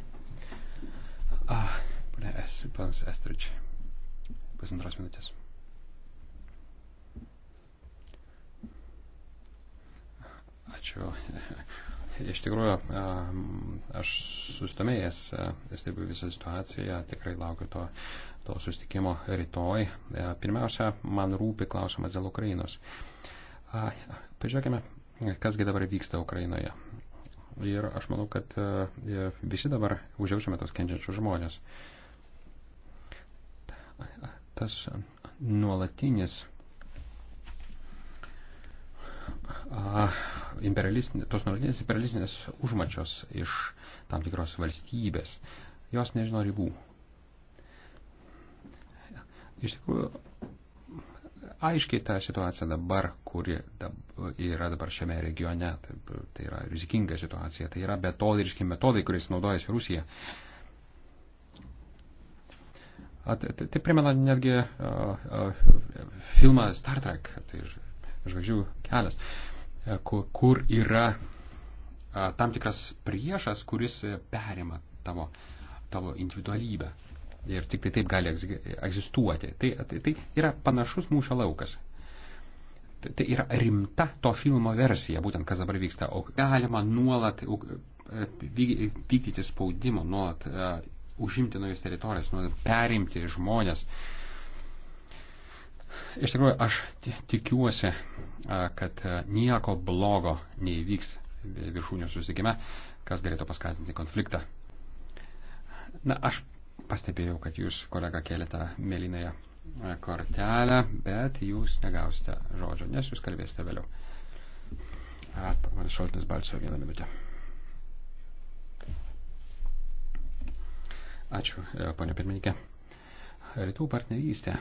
Ponas Estrič, pusantros minutės. Ačiū. Iš tikrųjų, aš sustomėjęs, stebiu visą situaciją, tikrai laukiu to, to sustikimo rytoj. Pirmiausia, man rūpi klausimas dėl Ukrainos. Pažiūrėkime, kasgi dabar vyksta Ukrainoje. Ir aš manau, kad visi dabar užjaučiame tos kenčiančius žmonės tas nuolatinis imperialistinės, tos nuolatinės imperialistinės užmačios iš tam tikros valstybės, jos nežino ribų. Iš tikrųjų, aiškiai ta situacija dabar, kuri dabar yra dabar šiame regione, tai, tai yra rizikinga situacija, tai yra betodiriški metodai, kuriais naudojasi Rusija. Uh, Tai, tai primena netgi a, a, filmą Star Trek, tai žvaigždžių kelias, kur, kur yra a, tam tikras priešas, kuris perima tavo, tavo individualybę. Ir tik tai taip gali egzistuoti. Tai, tai, tai yra panašus mūšio laukas. Tai, tai yra rimta to filmo versija, būtent kas dabar vyksta. O galima nuolat vykdyti spaudimą, nuolat užimti naujas teritorijas, norint perimti žmonės. Iš tikrųjų, aš tikiuosi, kad nieko blogo neįvyks viršūnių susitikime, kas galėtų paskatinti konfliktą. Na, aš pastebėjau, kad jūs, kolega, kėlėte mėlynąją kortelę, bet jūs negausite žodžio, nes jūs kalbėsite vėliau. Šoltinis Balčio vieną minutę. Ačiū, e, ponė pirmininkė. Rytų partnerystė.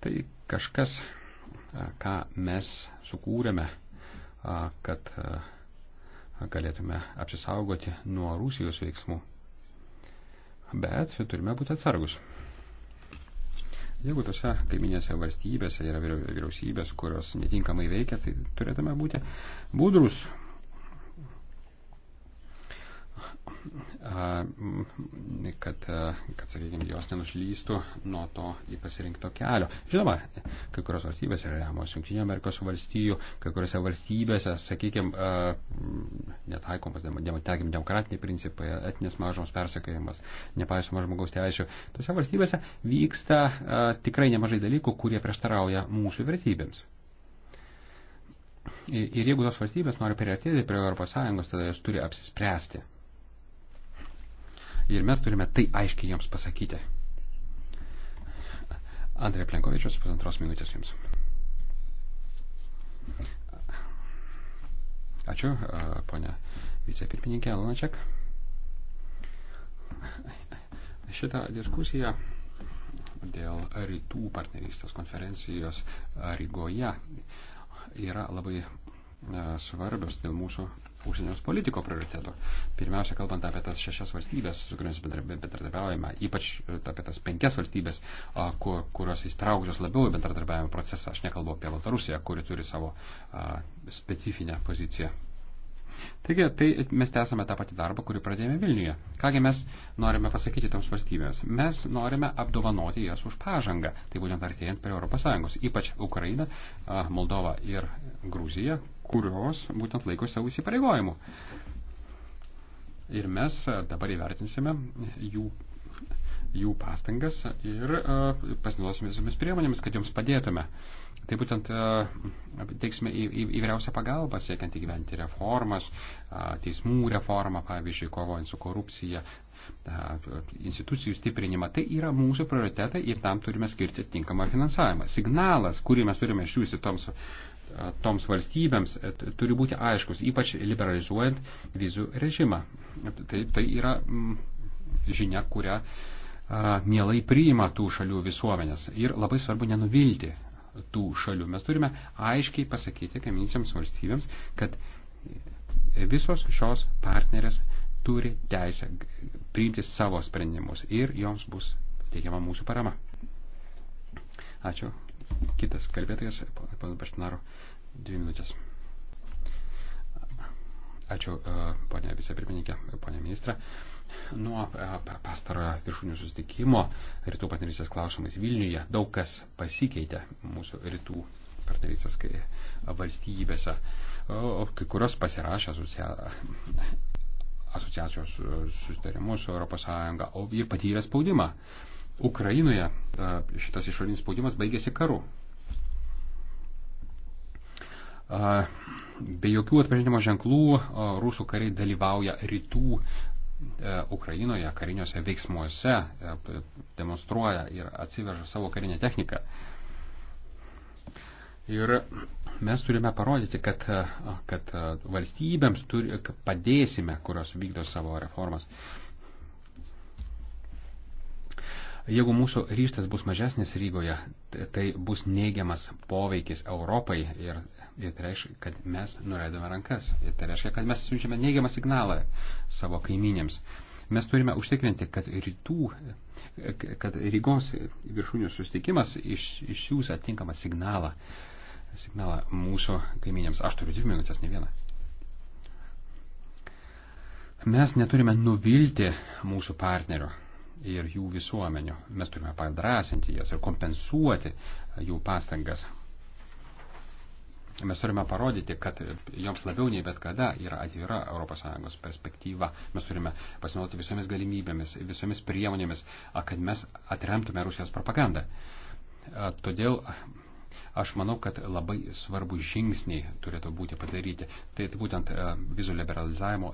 Tai kažkas, e, ką mes sukūrėme, e, kad galėtume apsisaugoti nuo Rusijos veiksmų. Bet turime būti atsargus. Jeigu tose kaiminėse valstybėse yra vyriausybės, kurios netinkamai veikia, tai turėtume būti budrus kad, kad sakykime, jos nenušlystų nuo to į pasirinkto kelio. Žinoma, kai kurios valstybės yra remiamos Junktinio Amerikos valstijų, kai kuriuose valstybėse, sakykime, netaikomas, netekime, demokratiniai principai, etinės mažoms persekėjimas, nepaisoma žmogaus teisų. Tose valstybėse vyksta a, tikrai nemažai dalykų, kurie prieštarauja mūsų vertybėms. Ir jeigu tos valstybės nori priartėti prie ES, tada jos turi apsispręsti Ir mes turime tai aiškiai jiems pasakyti. Andrė Plenkovičius, pusantros minutės jums. Ačiū, ponia vicepirmininkė Lanačiak. Šitą diskusiją dėl rytų partnerystės konferencijos Rygoje yra labai svarbios dėl mūsų užsienios politiko prioritetų. Pirmiausia, kalbant apie tas šešias valstybės, su kuriamis bendradarbiaujame, ypač e, apie tas penkias valstybės, kur, kurios įstraukusios labiau į bendradarbiavimo procesą. Aš nekalbu apie Baltarusiją, kuri turi savo a, specifinę poziciją. Taigi, tai mes tęsame tą patį darbą, kurį pradėjome Vilniuje. Kągi mes norime pasakyti toms valstybėms? Mes norime apdovanoti jas už pažangą, tai būtent artėjant prie ES, ypač Ukraina, Moldova ir Gruzija, kurios būtent laiko savo įsipareigojimų. Ir mes e, dabar įvertinsime jų, jų pastangas ir e, pasinaudosime visomis priemonėmis, kad joms padėtume. Tai būtent e, teiksime įvairiausią pagalbą siekiant įgyventi reformas, teismų reformą, pavyzdžiui, kovojant su korupcija, institucijų stiprinimą. Tai yra mūsų prioritetai ir tam turime skirti tinkamą finansavimą. Signalas, kurį mes turime išsiųsti toms toms valstybėms turi būti aiškus, ypač liberalizuojant vizų režimą. Tai, tai yra žinia, kurią mielai priima tų šalių visuomenės. Ir labai svarbu nenuvilti tų šalių. Mes turime aiškiai pasakyti kaiminėms valstybėms, kad visos šios partnerės turi teisę priimti savo sprendimus ir joms bus teikiama mūsų parama. Ačiū. Kitas kalbėtojas, panas Baštinaru, dvi minutės. Ačiū, e, ponė vicepirmininkė, ponė ministrė. Nuo e, pastarojo viršūnių susitikimo rytų partnerystės klausimais Vilniuje daug kas pasikeitė mūsų rytų partnerystės valstybėse. Kai kurios pasirašė asocia... asociacijos susitarimus su ES, o jie patyrė spaudimą Ukrainoje e, šitas išorinis spaudimas baigėsi karu. E, be jokių atpažinimo ženklų e, rusų kariai dalyvauja rytų Ukrainoje kariniuose veiksmuose, demonstruoja ir atsiveža savo karinę techniką. Ir mes turime parodyti, kad, kad valstybėms turi, kad padėsime, kurios vykdo savo reformas. Uh, Jeigu mūsų ryštas bus mažesnis Rygoje, tai bus neigiamas poveikis Europai ir, ir tai reiškia, kad mes nuleidome rankas. Ir tai reiškia, kad mes siunčiame neigiamą signalą savo kaiminėms. Mes turime užtikrinti, kad rytų, kad Rygos viršūnių susitikimas iš, išsiūs atinkamą signalą, signalą mūsų kaiminėms. Aš turiu dvi minutės, ne vieną. Mes neturime nuvilti mūsų partnerių ir jų visuomenių. Mes turime padrasinti jas ir kompensuoti jų pastangas. Mes turime parodyti, kad joms labiau nei bet kada yra atvira ES perspektyva. Mes turime pasinaudoti visomis galimybėmis, visomis priemonėmis, kad mes atremtume Rusijos propagandą. Todėl Aš manau, kad labai svarbus žingsniai turėtų būti padaryti. Tai būtent e, vizų liberalizavimo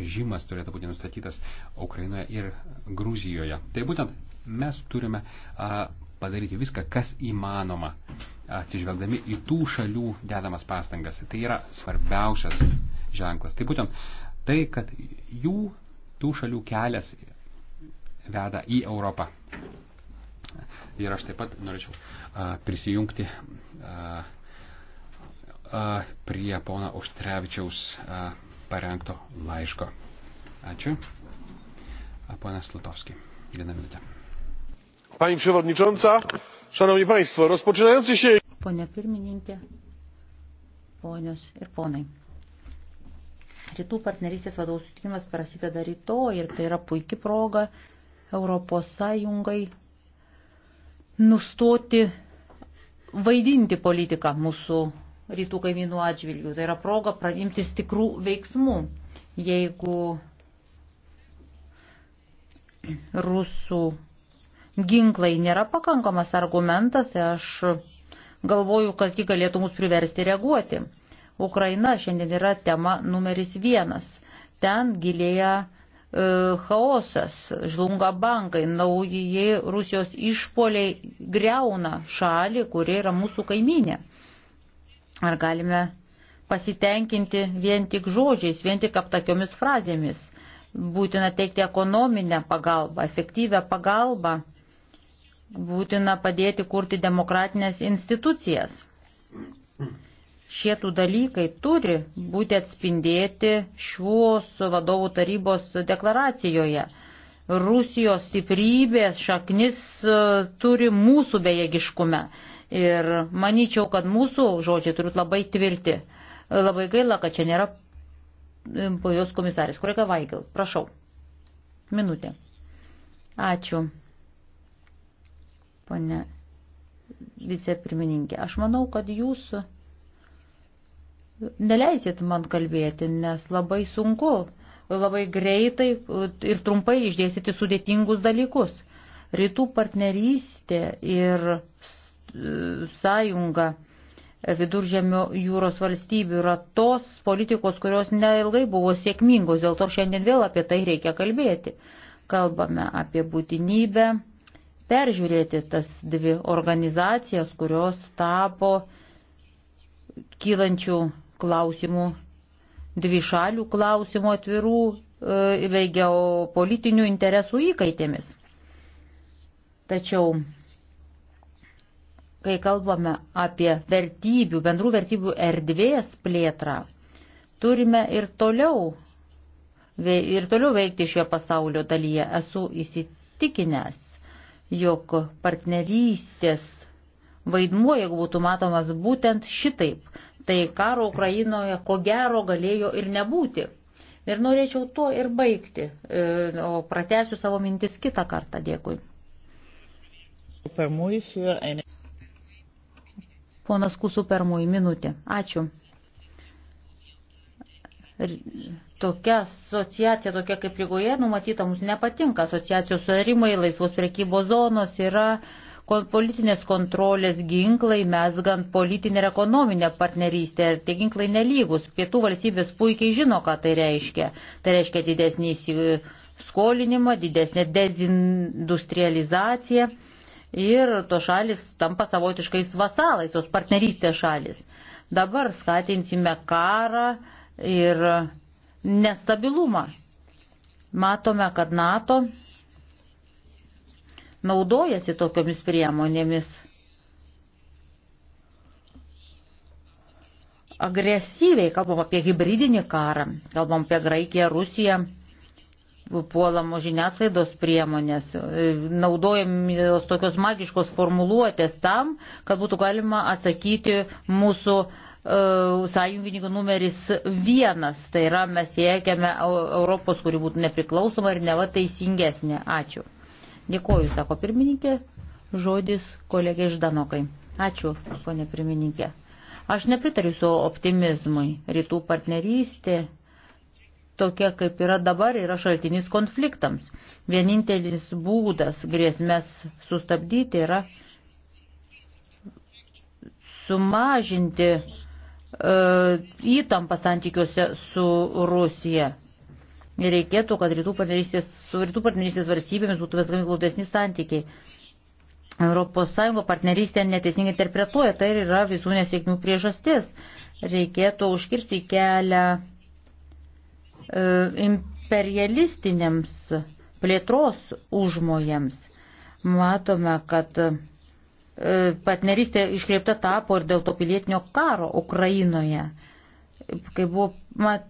režimas turėtų būti nustatytas Ukrainoje ir Gruzijoje. Tai būtent mes turime padaryti viską, kas įmanoma, atsižvelgdami į tų šalių dedamas pastangas. Tai yra svarbiausias ženklas. Tai būtent tai, kad jų tų šalių kelias veda į Europą. Ir aš taip pat norėčiau a, prisijungti a, a, prie pono Oštrevičiaus a, parengto laiško. Ačiū. A, ponas Lutovski, vieną minutę. Pani przewodnicząca, szanowni państwo, rozpoczynający się. Pone pirmininkė, ponios ir ponai. Rytų partnerystės vadovų sutikimas prasideda rytoj ir tai yra puikia proga Europos Sąjungai nustoti vaidinti politiką mūsų rytų kaimynų atžvilgių. Tai yra proga pradimtis tikrų veiksmų, jeigu rusų ginklai nėra pakankamas argumentas, tai aš galvoju, kas jį galėtų mus priversti reaguoti. Ukraina šiandien yra tema numeris vienas. Ten gilėja E, chaosas, žlunga bankai, nauji Rusijos išpoliai greuna šalį, kuri yra mūsų kaiminė. Ar galime pasitenkinti vien tik žodžiais, vien tik aptakiomis frazėmis? Būtina teikti ekonominę pagalbą, efektyvę pagalbą, būtina padėti kurti demokratinės institucijas. Šie tų dalykai turi būti atspindėti šios vadovų tarybos deklaracijoje. Rusijos stiprybės šaknis e, turi mūsų bejėgiškume. Ir manyčiau, kad mūsų žodžiai turi labai tvirti. E, labai gaila, kad čia nėra e, pajos komisaris. Kolega Vaigel, prašau. Minutė. Ačiū. Pane vicepirmininkė, aš manau, kad jūs. Jūsų neleisit man kalbėti, nes labai sunku, labai greitai ir trumpai išdėsyti sudėtingus dalykus. Rytų partnerystė ir sąjunga viduržėmio jūros valstybių yra tos politikos, kurios neilgai buvo sėkmingos, dėl to šiandien vėl apie tai reikia kalbėti. Kalbame apie būtinybę peržiūrėti tas dvi organizacijas, kurios tapo kylančių klausimų, dvi šalių klausimų atvirų e, bei geopolitinių interesų įkaitėmis. Tačiau, kai kalbame apie vertybių, bendrų vertybių erdvės plėtrą, turime ir toliau, ir toliau veikti šioje pasaulio dalyje. Esu įsitikinęs, jog partnerystės vaidmuo, jeigu būtų matomas būtent šitaip, Tai karo Ukrainoje ko gero galėjo ir nebūti. Ir norėčiau tuo ir baigti, e, o pratęsiu savo mintis kitą kartą. Dėkui. Ponas Kusupermui, minutė. Ačiū. Ir tokia asociacija, tokia kaip Rygoje numatyta, mums nepatinka. Asociacijos sudarimai, laisvos prekybos zonos yra politinės kontrolės ginklai mesgant politinę ir ekonominę partnerystę ir tie ginklai nelygus. Pietų valstybės puikiai žino, ką tai reiškia. Tai reiškia didesnį skolinimą, didesnę dezindustrializaciją ir to šalis tampa savotiškais vasalais, tos partnerystės šalis. Dabar skatinsime karą ir nestabilumą. Matome, kad NATO naudojasi tokiomis priemonėmis. Agresyviai kalbam apie hybridinį karą, kalbam apie Graikiją, Rusiją, puolamo žiniasklaidos priemonės, naudojamos tokios magiškos formuluotės tam, kad būtų galima atsakyti mūsų e, sąjungininkų numeris vienas, tai yra mes siekiame Europos, kuri būtų nepriklausoma ir neva teisingesnė. Ačiū. Dėkoju, sako pirmininkė, žodis kolegė Ždanokai. Ačiū, ponė pirmininkė. Aš nepritariu su optimizmui. Rytų partnerystė tokia, kaip yra dabar, yra šaltinis konfliktams. Vienintelis būdas grėsmės sustabdyti yra sumažinti e, įtampą santykiuose su Rusija reikėtų, kad rytų partnerystės, su rytų partnerystės valstybėmis būtų vis glaudesni santykiai. ES partnerystė neteisingai interpretuoja, tai ir yra visų nesėkmių priežastis. Reikėtų užkirsti kelią e, imperialistiniams plėtros užmojams. Matome, kad e, partnerystė iškreipta tapo ir dėl to pilietinio karo Ukrainoje kai buvo, mat,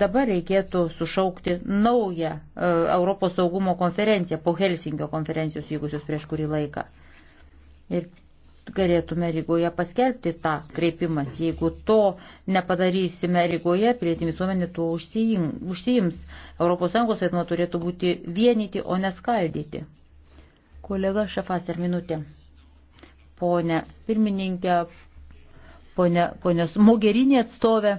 dabar reikėtų sušaukti naują e, Europos saugumo konferenciją po Helsingio konferencijos vykusios prieš kurį laiką. Ir galėtume Rygoje paskelbti tą kreipimas. Jeigu to nepadarysime Rygoje, pilietinė visuomenė tuo užsijims. ES vaidmuo turėtų būti vienyti, o neskaldyti. Kolega Šefas ir minutė. Pone pirmininkė, pone, ponios Mogerinė atstovė.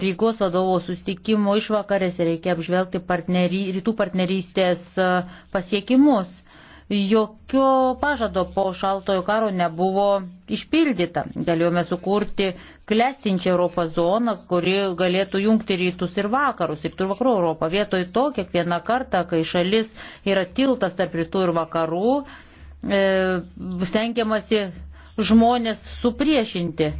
Rygos vadovo sustikimo išvakarėse reikia apžvelgti partnery, rytų partnerystės e, pasiekimus. Jokio pažado po šaltojo karo nebuvo išpildyta. Galėjome sukurti klestinčią Europos zoną, kuri galėtų jungti rytus ir vakarus, rytų ir vakarų Europą. Vietoj to, kiekvieną kartą, kai šalis yra tiltas tarp rytų ir vakarų, e, stengiamasi žmonės supriešinti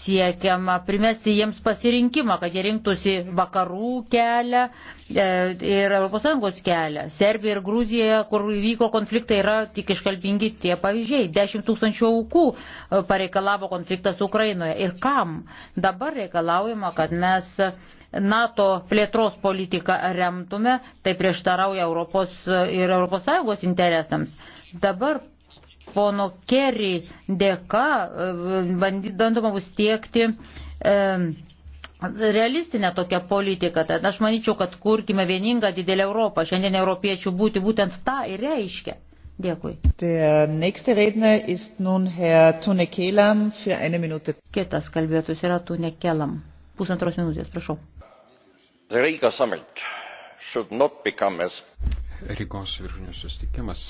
siekiama primesti jiems pasirinkimą, kad jie rinktųsi vakarų kelią e, ir ES kelią. Serbija ir Gruzija, kur vyko konfliktai, yra tik iškalbingi tie pavyzdžiai. 10 tūkstančių aukų e, pareikalavo konfliktas Ukrainoje. Ir kam? Dabar reikalaujama, kad mes NATO plėtros politiką remtume, tai prieštarauja Europos ir ES interesams. Dabar pono Kerry dėka e, bandoma bus tiekti e, realistinę tokią politiką. Tad aš manyčiau, kad kurkime vieningą didelę Europą. Šiandien europiečių būti būtent tą ir reiškia. Dėkui. Kitas kalbėtus yra Tune Kelam. Pusantros minutės, prašau. Reika summit should not become as. Rygos viršūnių susitikimas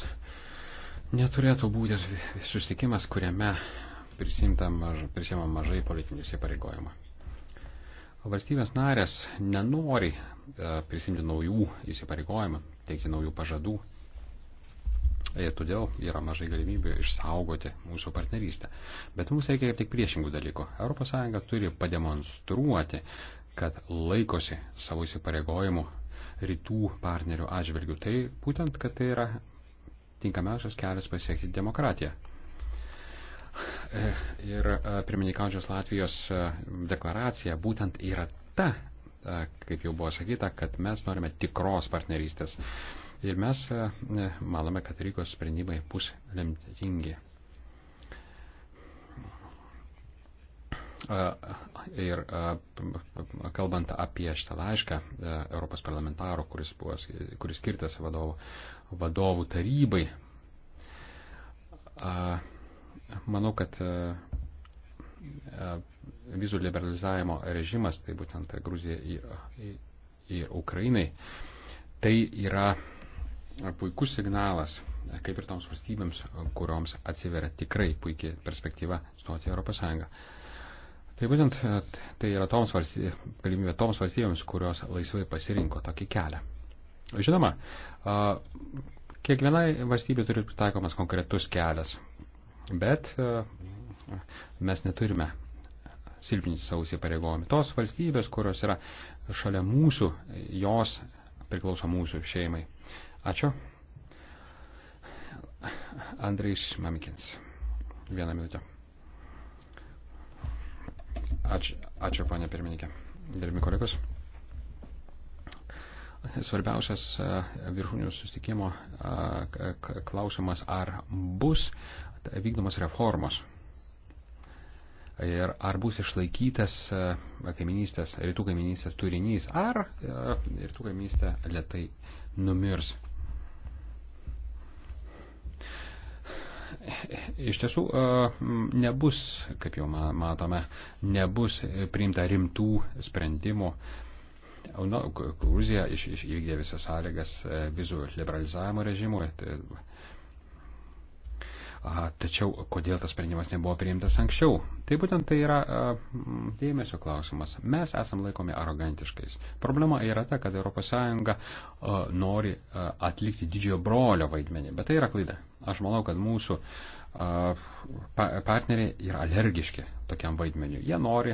Neturėtų būti susitikimas, kuriame maž, prisimama mažai politinių įsipareigojimų. Valstybės narės nenori e, prisimti naujų įsipareigojimų, teikti naujų pažadų. Ir e, todėl yra mažai galimybių išsaugoti mūsų partnerystę. Bet mums reikia tik priešingų dalykų. ES turi pademonstruoti, kad laikosi savo įsipareigojimų rytų partnerių atžvilgių. Tai būtent, kad tai yra tinkamiausias kelias pasiekti demokratiją. Ir e, pirmininkaujančios Latvijos e, deklaracija būtent yra ta, e, kaip jau buvo sakyta, kad mes norime tikros partnerystės. Ir mes manome, kad Rygos sprendimai bus lemtingi. Ir kalbant apie šitą laišką Europos parlamentaro, kuris, buvo, kuris skirtas vadovų, vadovų tarybai, manau, kad vizų liberalizavimo režimas, tai būtent Gruzija ir Ukrainai, tai yra puikus signalas, kaip ir toms valstybėms, kurioms atsiveria tikrai puikiai perspektyva stoti Europos Sąjungą. Tai būtent e, tai yra toms galimybė toms valstybėms, kurios laisvai pasirinko tokį kelią. Žinoma, kiekvienai valstybė turi pritaikomas konkretus kelias, bet e, mes neturime silpninti savo įsipareigojimą. Tos valstybės, kurios yra šalia mūsų, jos priklauso mūsų šeimai. Ačiū. Andrejš Mamikins. Vieną minutę. Ačiū, ačiū panė pirmininkė. Gerbimi kolegos. Svarbiausias e, viršūnių sustikimo e, klausimas, ar bus vykdomas reformos ir ar bus išlaikytas e, kaiminystės, rytų kaiminystės turinys, ar rytų kaiminystė lietai numirs. iš tiesų e, nebus, kaip jau matome, nebus priimta rimtų sprendimų. Nu, Gruzija iš, iš, įvykdė visas sąlygas e, vizų liberalizavimo režimui. Tai, A, tačiau kodėl tas sprendimas nebuvo priimtas anksčiau? Tai būtent tai yra a, dėmesio klausimas. Mes esam laikomi arogantiškais. Problema yra ta, kad ES a, nori a, atlikti didžiojo brolio vaidmenį, bet tai yra klaida. Aš manau, kad mūsų a, pa, partneriai yra alergiški tokiam vaidmeniu. Jie nori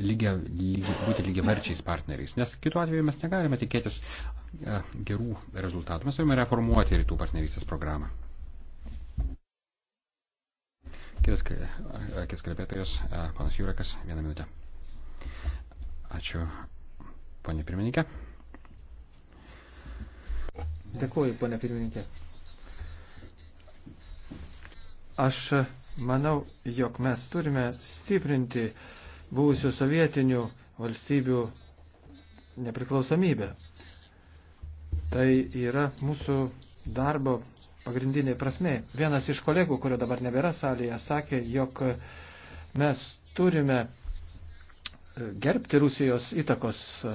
lygia, lygia, būti lygiaverčiais partneriais. Nes kitu atveju mes negalime tikėtis gerų rezultatų. Mes turime reformuoti rytų partnerystės programą. Kitas, kitas kalbėtojas, e, panas Jūrakas, vieną minutę. Ačiū, ponė pirmininkė. Dėkuoju, ponė pirmininkė. Aš manau, jog mes turime stiprinti buvusių sovietinių valstybių nepriklausomybę. Tai yra mūsų darbo pagrindinė prasme. Vienas iš kolegų, kurio dabar nebėra salėje, sakė, jog mes turime e, gerbti Rusijos įtakos e,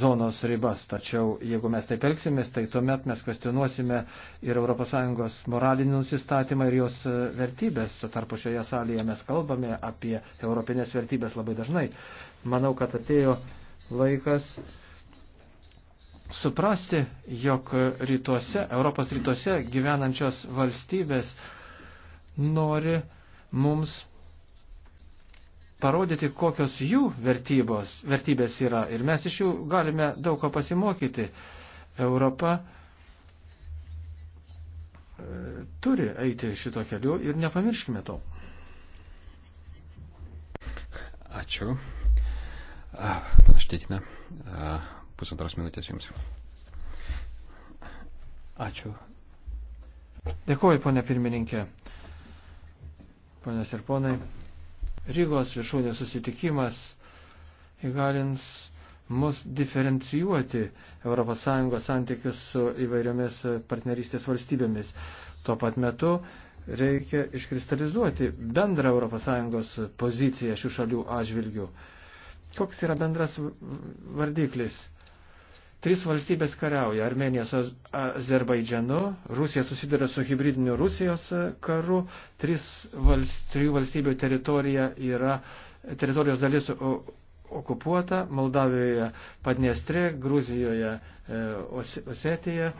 zonos ribas. Tačiau jeigu mes taip elgsimės, tai tuomet mes kvestionuosime ir ES moralinį nusistatymą ir jos e, vertybės. Tarpu šioje salėje mes kalbame apie europinės vertybės labai dažnai. Manau, kad atėjo laikas suprasti, jog rytuose, Europos rytuose gyvenančios valstybės nori mums parodyti, kokios jų vertybos, vertybės yra. Ir mes iš jų galime daug ko pasimokyti. Europa e, turi eiti šito keliu ir nepamirškime to. Ačiū. Aš teikinę pusantros minutės jums. Ačiū. Dėkuoju, ponė pirmininkė. Ponės ir ponai, Rygos viršūnės susitikimas įgalins mus diferencijuoti ES santykius su įvairiomis partnerystės valstybėmis. Tuo pat metu reikia iškristalizuoti bendrą ES poziciją šių šalių atžvilgių. Koks yra bendras vardiklis? Trys valstybės kariauja - Armenija su Azerbaidžianu, Rusija susiduria su hybridiniu Rusijos e, karu, trys valst, trijų valstybių teritorija yra teritorijos dalis okupuota - Moldavijoje Padniestrė, Gruzijoje e, Osetija,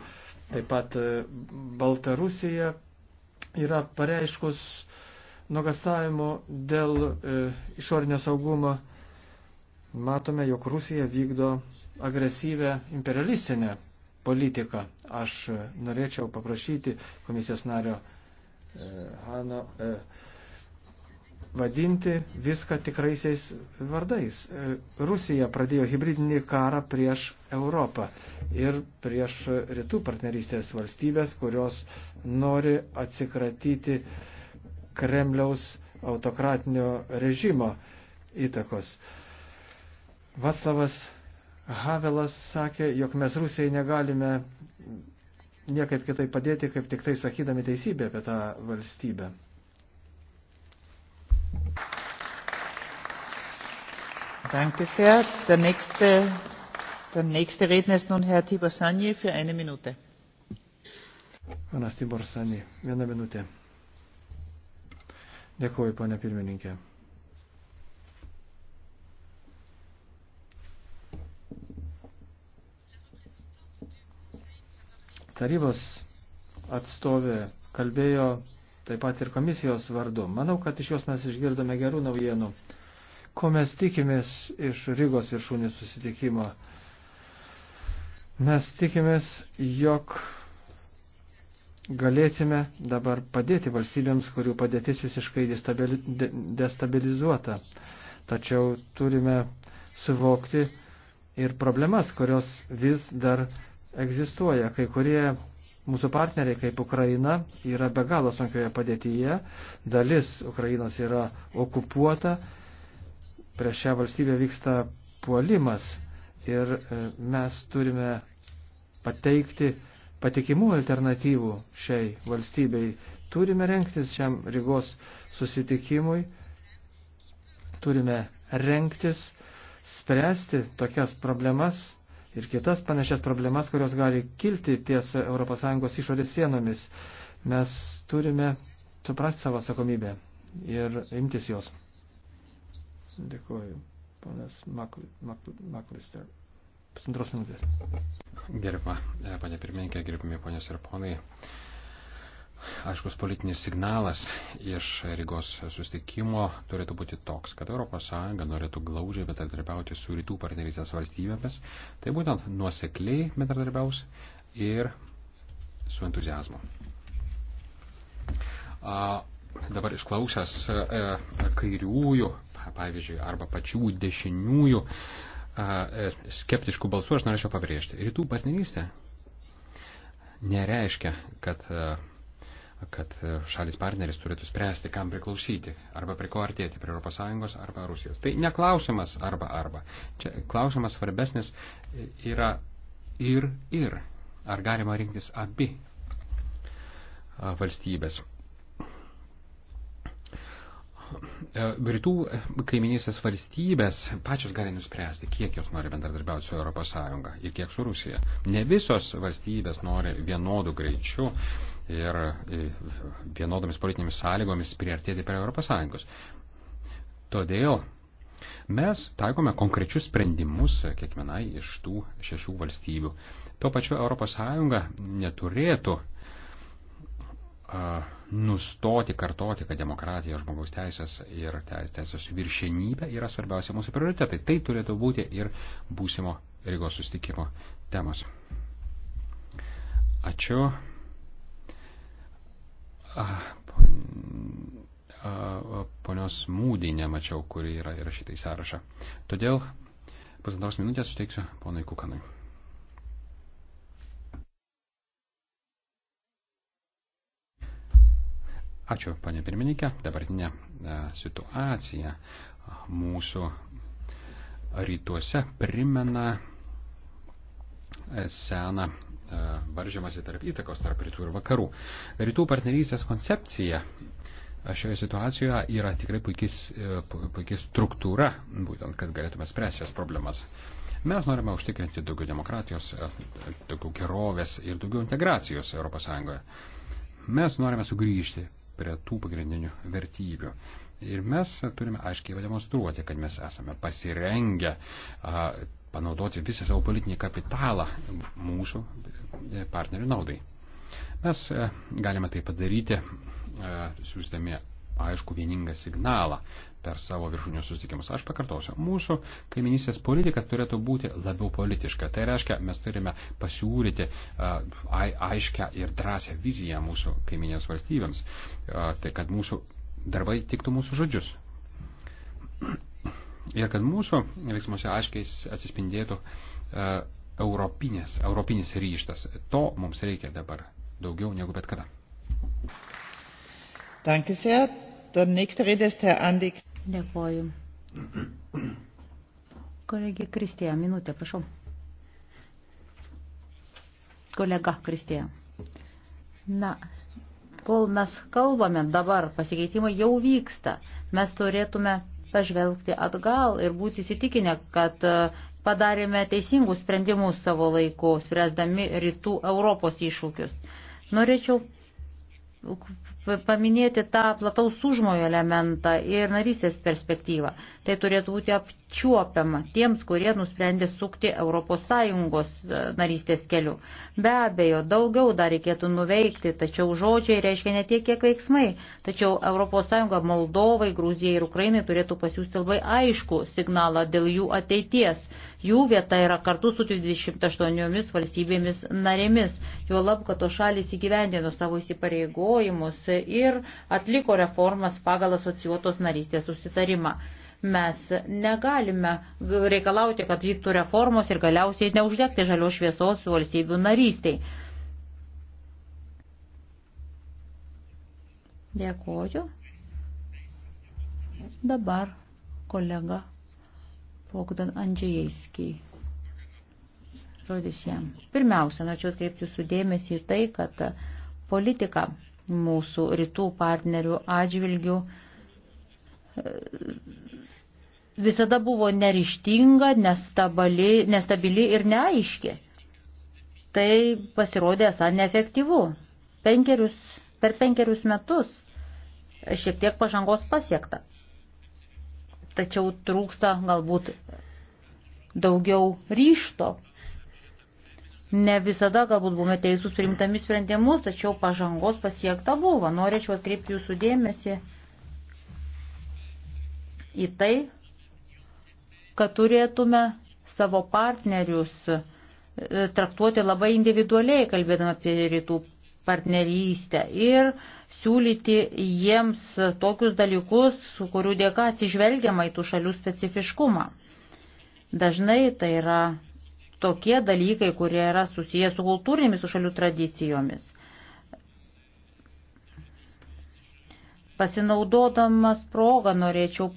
taip pat e, Baltarusija yra pareiškus nuogastavimo dėl išorinio saugumo matome, jog Rusija vykdo agresyvę imperialistinę politiką. Aš norėčiau paprašyti komisijos nario e, Hano e, vadinti viską tikraisiais vardais. E, Rusija pradėjo hybridinį karą prieš Europą ir prieš rytų partnerystės valstybės, kurios nori atsikratyti Kremliaus autokratinio režimo įtakos. E, Vaclavas Havelas sakė, jog mes Rusijai negalime niekaip kitaip padėti, kaip tik tai sakydami teisybę apie tą valstybę. Danke sehr. Der nächste, der nächste Redner ist nun Herr Tibor Sanyi für eine Minute. Panas Tibor Sanyi, viena minutė. Dėkuoju, ponia pirmininkė. tarybos atstovė kalbėjo taip pat ir komisijos vardu. Manau, kad iš jos mes išgirdome gerų naujienų. Ko mes tikimės iš Rygos viršūnių susitikimo? Mes tikimės, jog galėsime dabar padėti valstybėms, kurių padėtis visiškai destabilizuota. Tačiau turime suvokti ir problemas, kurios vis dar egzistuoja. Kai kurie mūsų partneriai, kaip Ukraina, yra be galo sunkioje padėtyje. Dalis Ukrainos yra okupuota. Prieš šią valstybę vyksta puolimas. Ir e, mes turime pateikti patikimų alternatyvų šiai valstybei. Turime renktis šiam Rygos susitikimui, turime renktis, spręsti tokias problemas, ir kitas panašias problemas, kurios gali kilti ties ES išorės sienomis. Mes turime suprasti savo atsakomybę ir imtis jos. Dėkuoju, ponas Makl Makl Maklister. Pusantros minutės. Gerba, e, panė pirmininkė, gerbimi ponios ir ponai aiškus politinis signalas iš Rygos sustikimo turėtų būti toks, kad ES norėtų glaudžiai bendradarbiauti su rytų partnerystės valstybėmis, tai būtent nuosekliai bendradarbiaus ir su entuzijazmu. A, dabar išklausęs e, kairiųjų, pavyzdžiui, arba pačių dešiniųjų e, e skeptiškų balsų, aš norėčiau pabrėžti. Rytų partnerystė nereiškia, kad e, kad e, šalis partneris turėtų spręsti, kam priklausyti, arba prikortėti prie ES arba Rusijos. Tai neklausimas arba arba. Čia klausimas svarbesnis e, yra ir ir. Ar galima rinktis abi valstybės? Britų e, kaiminysės valstybės pačios gali nuspręsti, kiek jos nori bendradarbiauti su ES ir kiek su Rusija. Ne visos valstybės nori vienodų greičių ir e, vienodomis politinėmis sąlygomis priartėti prie ES. Todėl mes taikome konkrečius sprendimus kiekvienai iš tų šešių valstybių. Tuo pačiu ES neturėtų uh, nustoti kartoti, kad demokratija, žmogaus teisės ir teisės viršenybė yra svarbiausia mūsų prioritetai. Tai turėtų būti ir būsimo Rygos sustikimo temos. Ačiū ponios Mūdį nemačiau, kuri yra įrašyta į sąrašą. Todėl pusantros minutės suteiksiu ponai Kukanui. Ačiū, panė pirmininkė. Dabartinė e, situacija mūsų rytuose primena e, seną E, varžymasi tarp įtakos tarp rytų ir vakarų. Rytų partnerystės koncepcija e, šioje situacijoje yra tikrai puikis, e, puikis struktūra, būtent, kad galėtume spręsti šias problemas. Mes norime užtikrinti daugiau demokratijos, daugiau gerovės ir daugiau integracijos ES. Mes norime sugrįžti prie tų pagrindinių vertybių. Ir mes turime aiškiai pademonstruoti, kad mes esame pasirengę a, panaudoti visą savo politinį kapitalą mūsų partnerių naudai. Mes e, galime tai padaryti e, siūstami aišku vieningą signalą per savo viršūnių susitikimus. Aš pakartosiu, mūsų kaiminysės politika turėtų būti labiau politiška. Tai reiškia, mes turime pasiūlyti e, aiškę ir drąsią viziją mūsų kaiminės valstybėms, tai kad mūsų darbai tiktų mūsų žodžius ir kad mūsų veiksmuose aiškiai atsispindėtų e, europinės, europinis ryštas. To mums reikia dabar daugiau negu bet kada. Dėkoju. Kolegė Kristėja, minutė, prašau. Kolega Kristėja. Na, kol mes kalbame dabar, pasikeitimai jau vyksta. Mes turėtume pažvelgti atgal ir būti įsitikinę, kad e, padarėme teisingus sprendimus savo laiku, spręsdami rytų Europos iššūkius. Norėčiau paminėti tą plataus užmojo elementą ir narystės perspektyvą. Tai turėtų būti apčiuopiama tiems, kurie nusprendė sukti ES e, narystės keliu. Be abejo, daugiau dar reikėtų nuveikti, tačiau žodžiai reiškia ne tiek, kiek veiksmai. Tačiau ES Moldovai, Gruzijai ir Ukrainai turėtų pasiūsti labai aišku signalą dėl jų ateities. Jų vieta yra kartu su 28 valstybėmis narėmis. Juolab, kad to šalis įgyvendino savo įsipareigojimus ir atliko reformas pagal asociuotos narystės susitarimą. Mes negalime reikalauti, kad vyktų reformos ir galiausiai neuždegti žalios šviesos valstybių narystiai. Dėkoju. Dabar kolega Bogdan Andžiejskiai. Žodis jam. Pirmiausia, norėčiau atkreipti jūsų dėmesį į tai, kad politika mūsų rytų partnerių atžvilgių visada buvo nerištinga, nestabili, nestabili ir neaiški. Tai pasirodė esą neefektyvu. Penkerius, per penkerius metus šiek tiek pažangos pasiekta. Tačiau trūksta galbūt daugiau ryšto. Ne visada galbūt buvome teisūs priimtami sprendimus, tačiau pažangos pasiekta buvo. Norėčiau atkreipti jūsų dėmesį į tai, kad turėtume savo partnerius e, traktuoti labai individualiai, kalbėdama apie rytų partnerystę ir siūlyti jiems tokius dalykus, kurių dėka atsižvelgiama į tų šalių specifiškumą. Dažnai tai yra tokie dalykai, kurie yra susiję su kultūrinėmis su šalių tradicijomis. Pasinaudodamas progą norėčiau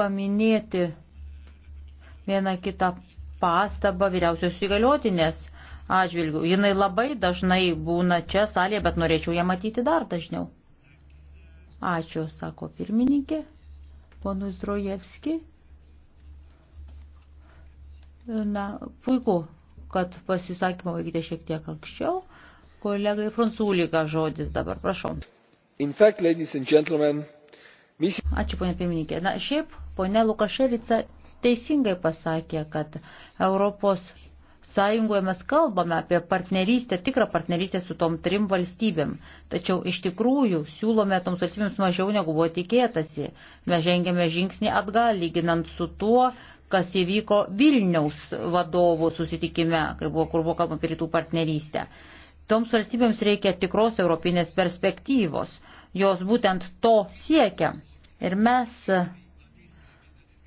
paminėti vieną kitą pastabą vyriausios įgaliotinės atžvilgių. Jinai labai dažnai būna čia salėje, bet norėčiau ją matyti dar dažniau. Ačiū, sako pirmininkė, ponus Drojevski. Na, puiku, kad pasisakymą vaikite šiek tiek anksčiau. Kolegai Fransulika žodis dabar, prašau. Fact, Ačiū, ponia pirmininkė. Na, šiaip Pone Lukaševica teisingai pasakė, kad Europos sąjungoje mes kalbame apie partnerystę, tikrą partnerystę su tom trim valstybėm. Tačiau iš tikrųjų siūlome toms valstybėms mažiau negu buvo tikėtasi. Mes žengėme žingsnį atgal, lyginant su tuo, kas įvyko Vilniaus vadovų susitikime, kai buvo, kur buvo kalbama apie rytų partnerystę. Toms valstybėms reikia tikros europinės perspektyvos. Jos būtent to siekia. Ir mes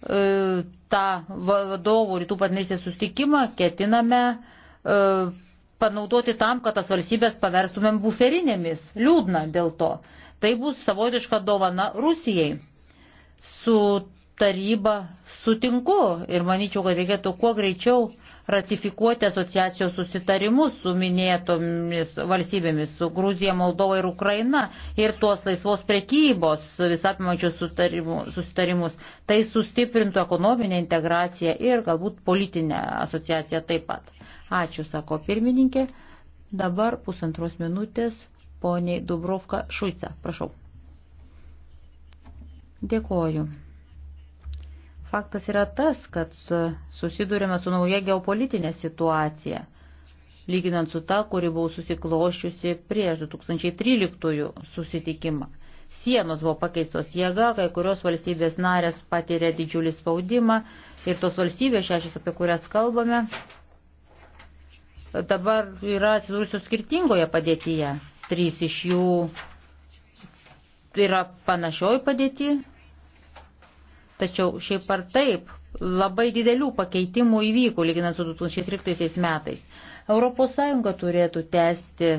E, tą vadovų rytų partnerystės sustikimą ketiname e, panaudoti tam, kad tas valstybės paverstumėm buferinėmis. Liūdna dėl to. Tai bus savotiška dovana Rusijai. Su taryba sutinku ir manyčiau, kad reikėtų kuo greičiau ratifikuoti asociacijos susitarimus su minėtomis valstybėmis, su Gruzija, Moldova ir Ukraina ir tuos laisvos prekybos visapimančius susitarimus. Tai sustiprintų ekonominę integraciją ir galbūt politinę asociaciją taip pat. Ačiū, sako pirmininkė. Dabar pusantros minutės poniai Dubrovka Šuica. Prašau. Dėkoju. Faktas yra tas, kad susidurėme su nauja geopolitinė situacija, lyginant su ta, kuri buvo susikloščiusi prieš 2013 susitikimą. Sienos buvo pakeistos jėga, kai kurios valstybės narės patyrė didžiulį spaudimą ir tos valstybės šešias, apie kurias kalbame, dabar yra atsidūrusios skirtingoje padėtyje. Trys iš jų yra panašioj padėtyje Tačiau šiaip ar taip labai didelių pakeitimų įvyko lyginant su 2013 metais. ES turėtų tęsti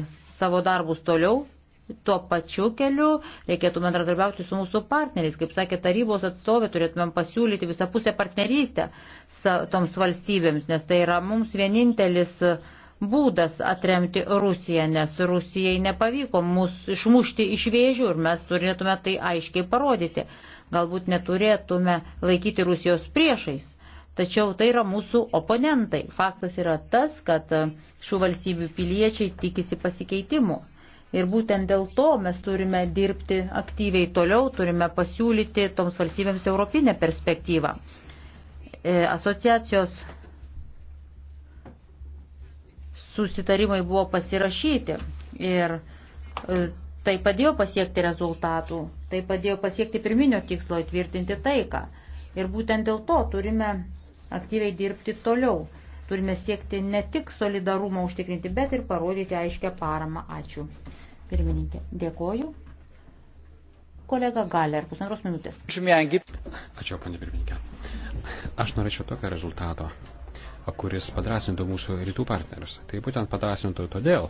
savo darbus toliau, tuo pačiu keliu, reikėtų bendradarbiauti su mūsų partneriais. Kaip sakė tarybos atstovė, turėtumėm pasiūlyti visapusę partnerystę toms valstybėms, nes tai yra mums vienintelis būdas atremti Rusiją, nes Rusijai nepavyko mus išmušti iš vėžių ir mes turėtume tai aiškiai parodyti. Galbūt neturėtume laikyti Rusijos priešais, tačiau tai yra mūsų oponentai. Faktas yra tas, kad šių valstybių piliečiai tikisi pasikeitimų. Ir būtent dėl to mes turime dirbti aktyviai toliau, turime pasiūlyti toms valstybėms europinę perspektyvą. E, asociacijos susitarimai buvo pasirašyti ir e, Tai padėjo pasiekti rezultatų, tai padėjo pasiekti pirminio tikslo įtvirtinti taiką. Ir būtent dėl to turime aktyviai dirbti toliau. Turime siekti ne tik solidarumą užtikrinti, bet ir parodyti aiškę paramą. Ačiū. Pirmininkė, dėkoju. Kolega Galer, pusantros minutės. Ačiū, panė pirmininkė. Aš norėčiau tokio rezultato, kuris padrasintų mūsų rytų partnerius. Tai būtent padrasintų todėl,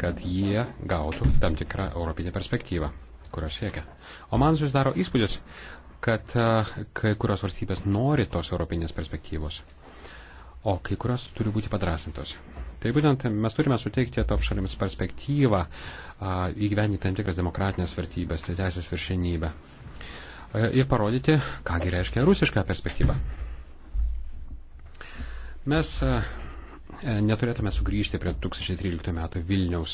kad jie gautų tam tikrą europinę perspektyvą, kurios siekia. O man susidaro įspūdis, kad e, kai kurios valstybės nori tos europinės perspektyvos, o kai kurios turi būti padrasintos. Tai būtent mes turime suteikti toms šalims perspektyvą įgyvendinti tam tikras demokratinės vertybės, tai teisės viršenybę. E, ir parodyti, kągi reiškia rusiška perspektyva. Mes e, E, neturėtume sugrįžti prie 2013 metų Vilniaus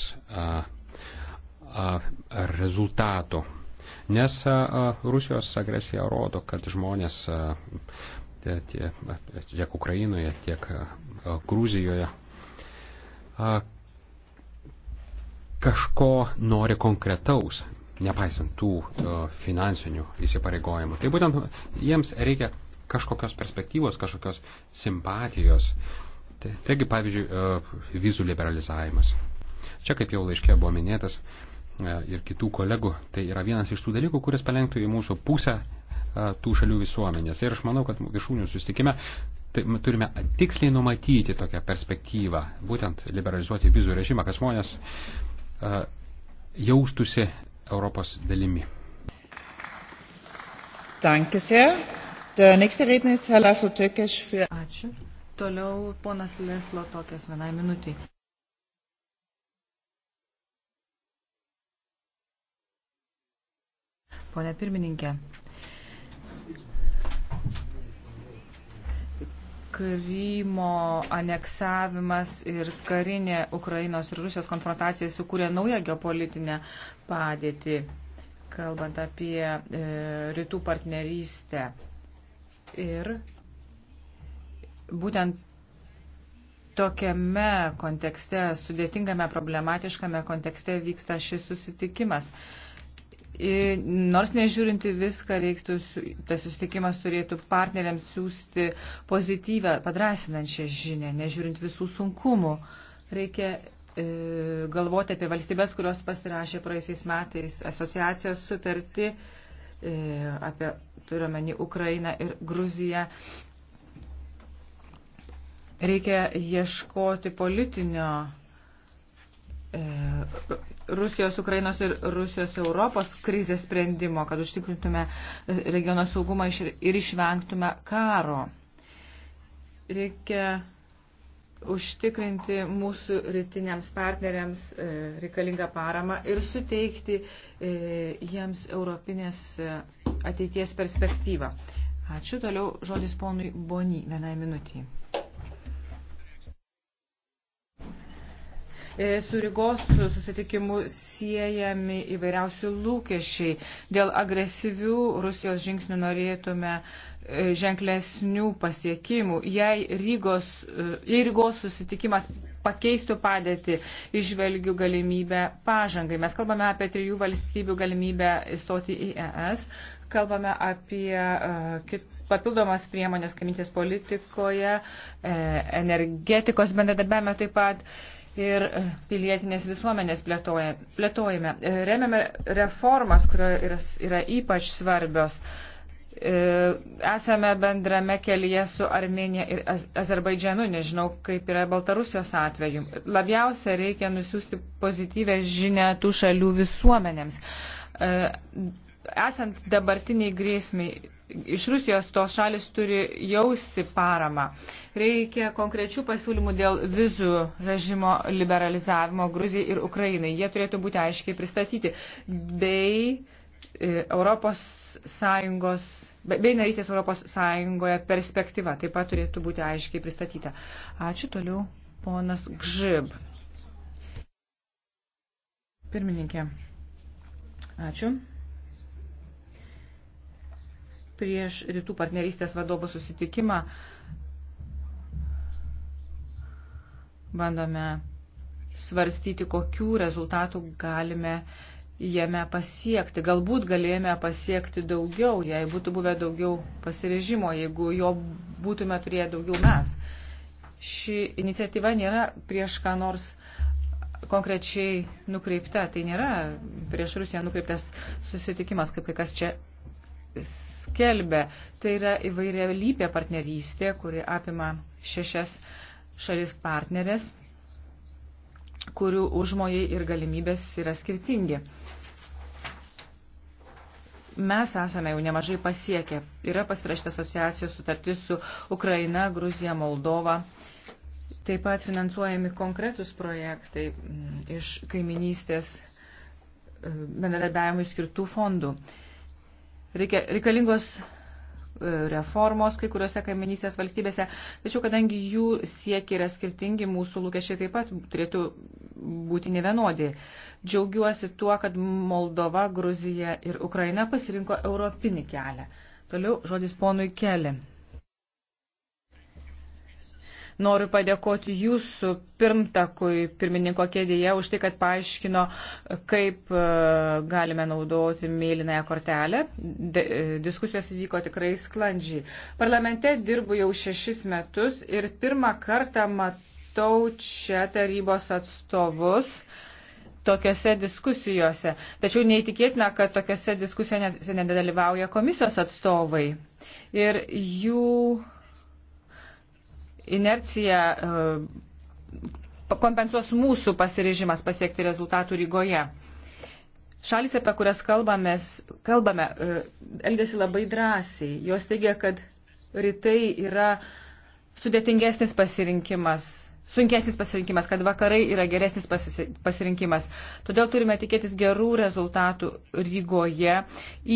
rezultatų. Nes Rusijos agresija rodo, kad žmonės tiek Ukrainoje, tiek Gruzijoje kažko nori konkretaus, nepaisant tų finansinių įsipareigojimų. Tai būtent jiems reikia kažkokios perspektyvos, kažkokios simpatijos, Taigi, pavyzdžiui, e, vizų liberalizavimas. Čia, kaip jau laiškė buvo minėtas e, ir kitų kolegų, tai yra vienas iš tų dalykų, kuris palenktų į mūsų pusę e, tų šalių visuomenės. Ir aš manau, kad viršūnių sustikime tai turime tiksliai numatyti tokią perspektyvą, būtent liberalizuoti vizų režimą, kad žmonės jaustusi Europos dalimi. Ačiū. Toliau ponas Leslo tokias vienai minutį. Pone pirmininkė, Krymo aneksavimas ir karinė Ukrainos ir Rusijos konfrontacija sukūrė naują geopolitinę padėtį, kalbant apie e, rytų partnerystę. Ir būtent tokiame kontekste, sudėtingame, problematiškame kontekste vyksta šis susitikimas. Ir nors nežiūrinti viską, reiktų, tas susitikimas turėtų partneriams siūsti pozityvę, padrasinančią žinę, nežiūrint visų sunkumų. Reikia e, galvoti apie valstybės, kurios pasirašė praėjusiais metais asociacijos sutartį, e, apie turiuomenį Ukrainą ir Gruziją, Reikia ieškoti politinio e, Rusijos, Ukrainos ir Rusijos Europos krizės sprendimo, kad užtikrintume e, regiono saugumą ir išvengtume karo. Reikia užtikrinti mūsų rytiniams partneriams e, reikalingą paramą ir suteikti e, jiems europinės ateities perspektyvą. Ačiū. Toliau žodis ponui Boni vienai minutiai. E, su Rygos susitikimu siejami įvairiausių lūkesčiai. Dėl agresyvių Rusijos žingsnių norėtume e, ženklesnių pasiekimų. Jei Rygos, e, jei Rygos susitikimas pakeistų padėtį, išvelgiu galimybę pažangai. Mes kalbame apie trijų valstybių galimybę įstoti į ES, kalbame apie uh, kit, papildomas priemonės kaimintės politikoje, uh, energetikos bendradarbiavime taip pat. Uh, ir e, pilietinės visuomenės plėtojame. E, remiame reformas, kurios yra ypač svarbios. E, esame bendrame kelyje su Armenija ir Azerbaidžianu, nežinau, kaip yra Baltarusijos atveju. Labiausia reikia nusiųsti pozityvę žinę tų šalių visuomenėms esant dabartiniai grėsmiai, iš Rusijos tos šalis turi jausti paramą. Reikia konkrečių pasiūlymų dėl vizų režimo liberalizavimo Gruzijai ir Ukrainai. Jie turėtų būti aiškiai pristatyti. Bei e, Europos Sąjungos, bei narystės Europos Sąjungoje perspektyva taip pat turėtų būti aiškiai pristatyta. Ačiū toliau, ponas Gžib. Pirmininkė. Ačiū prieš rytų partnerystės vadovo susitikimą bandome svarstyti, kokių rezultatų galime jame pasiekti. Galbūt galėjome pasiekti daugiau, jei būtų buvę daugiau pasirežimo, jeigu jo būtume turėję daugiau mes. Ši iniciatyva nėra prieš ką nors konkrečiai nukreipta. Tai nėra prieš Rusiją nukreiptas susitikimas, kaip kai kas čia skelbia. Tai yra įvairia lypė partnerystė, kuri apima šešias šalis partnerės, kurių užmojai ir galimybės yra skirtingi. Mes esame jau nemažai pasiekę. Yra pasirašyta asociacijos sutartis su Ukraina, Gruzija, Moldova. Taip pat finansuojami konkretus projektai mm, iš kaiminystės e, bendradarbiavimui skirtų fondų. Reikia, reikalingos e, reformos kai kuriuose kaiminysės valstybėse, tačiau kadangi jų siekiai yra skirtingi, mūsų lūkesčiai taip pat turėtų būti nevienodi. Džiaugiuosi tuo, kad Moldova, Gruzija ir Ukraina pasirinko europinį kelią. Toliau žodis ponui keli. Noriu padėkoti jūsų pirmtakui pirmininko kėdėje už tai, kad paaiškino, kaip e, galime naudoti mėlynąją kortelę. E, diskusijos vyko tikrai sklandžiai. Parlamente dirbu jau šešis metus ir pirmą kartą matau čia tarybos atstovus tokiuose diskusijose. Tačiau neįtikėtina, kad tokiuose diskusijose nedalyvauja komisijos atstovai. Ir jų inerciją e, kompensuos mūsų pasirežimas pasiekti rezultatų Rygoje. Šalis, apie kurias kalbame, kalbame elgesi labai drąsiai. Jos teigia, kad rytai yra sudėtingesnis pasirinkimas, sunkesnis pasirinkimas, kad vakarai yra geresnis pasirinkimas. Todėl turime tikėtis gerų rezultatų Rygoje,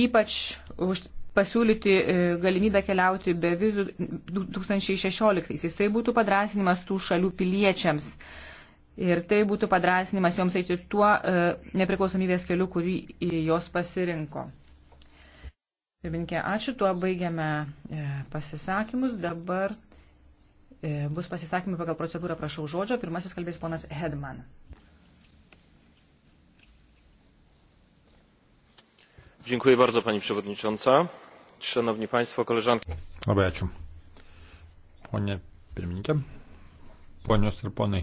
ypač už pasiūlyti e, galimybę keliauti be vizų 2016-aisiais. Tai būtų padrasinimas tų šalių piliečiams. Ir tai būtų padrasinimas joms eiti tuo e, nepriklausomybės keliu, kurį jos pasirinko. Pirminkė, ačiū, tuo baigiame e, pasisakymus. Dabar bus pasisakymai pagal procedūrą, prašau žodžio. Pirmasis kalbės ponas Hedman. Dziękuję bardzo pani przewodnicząca. Szanowni państwo, koleżanki. Labai ačiū. Pone pirmininkė, ponios ir ponai,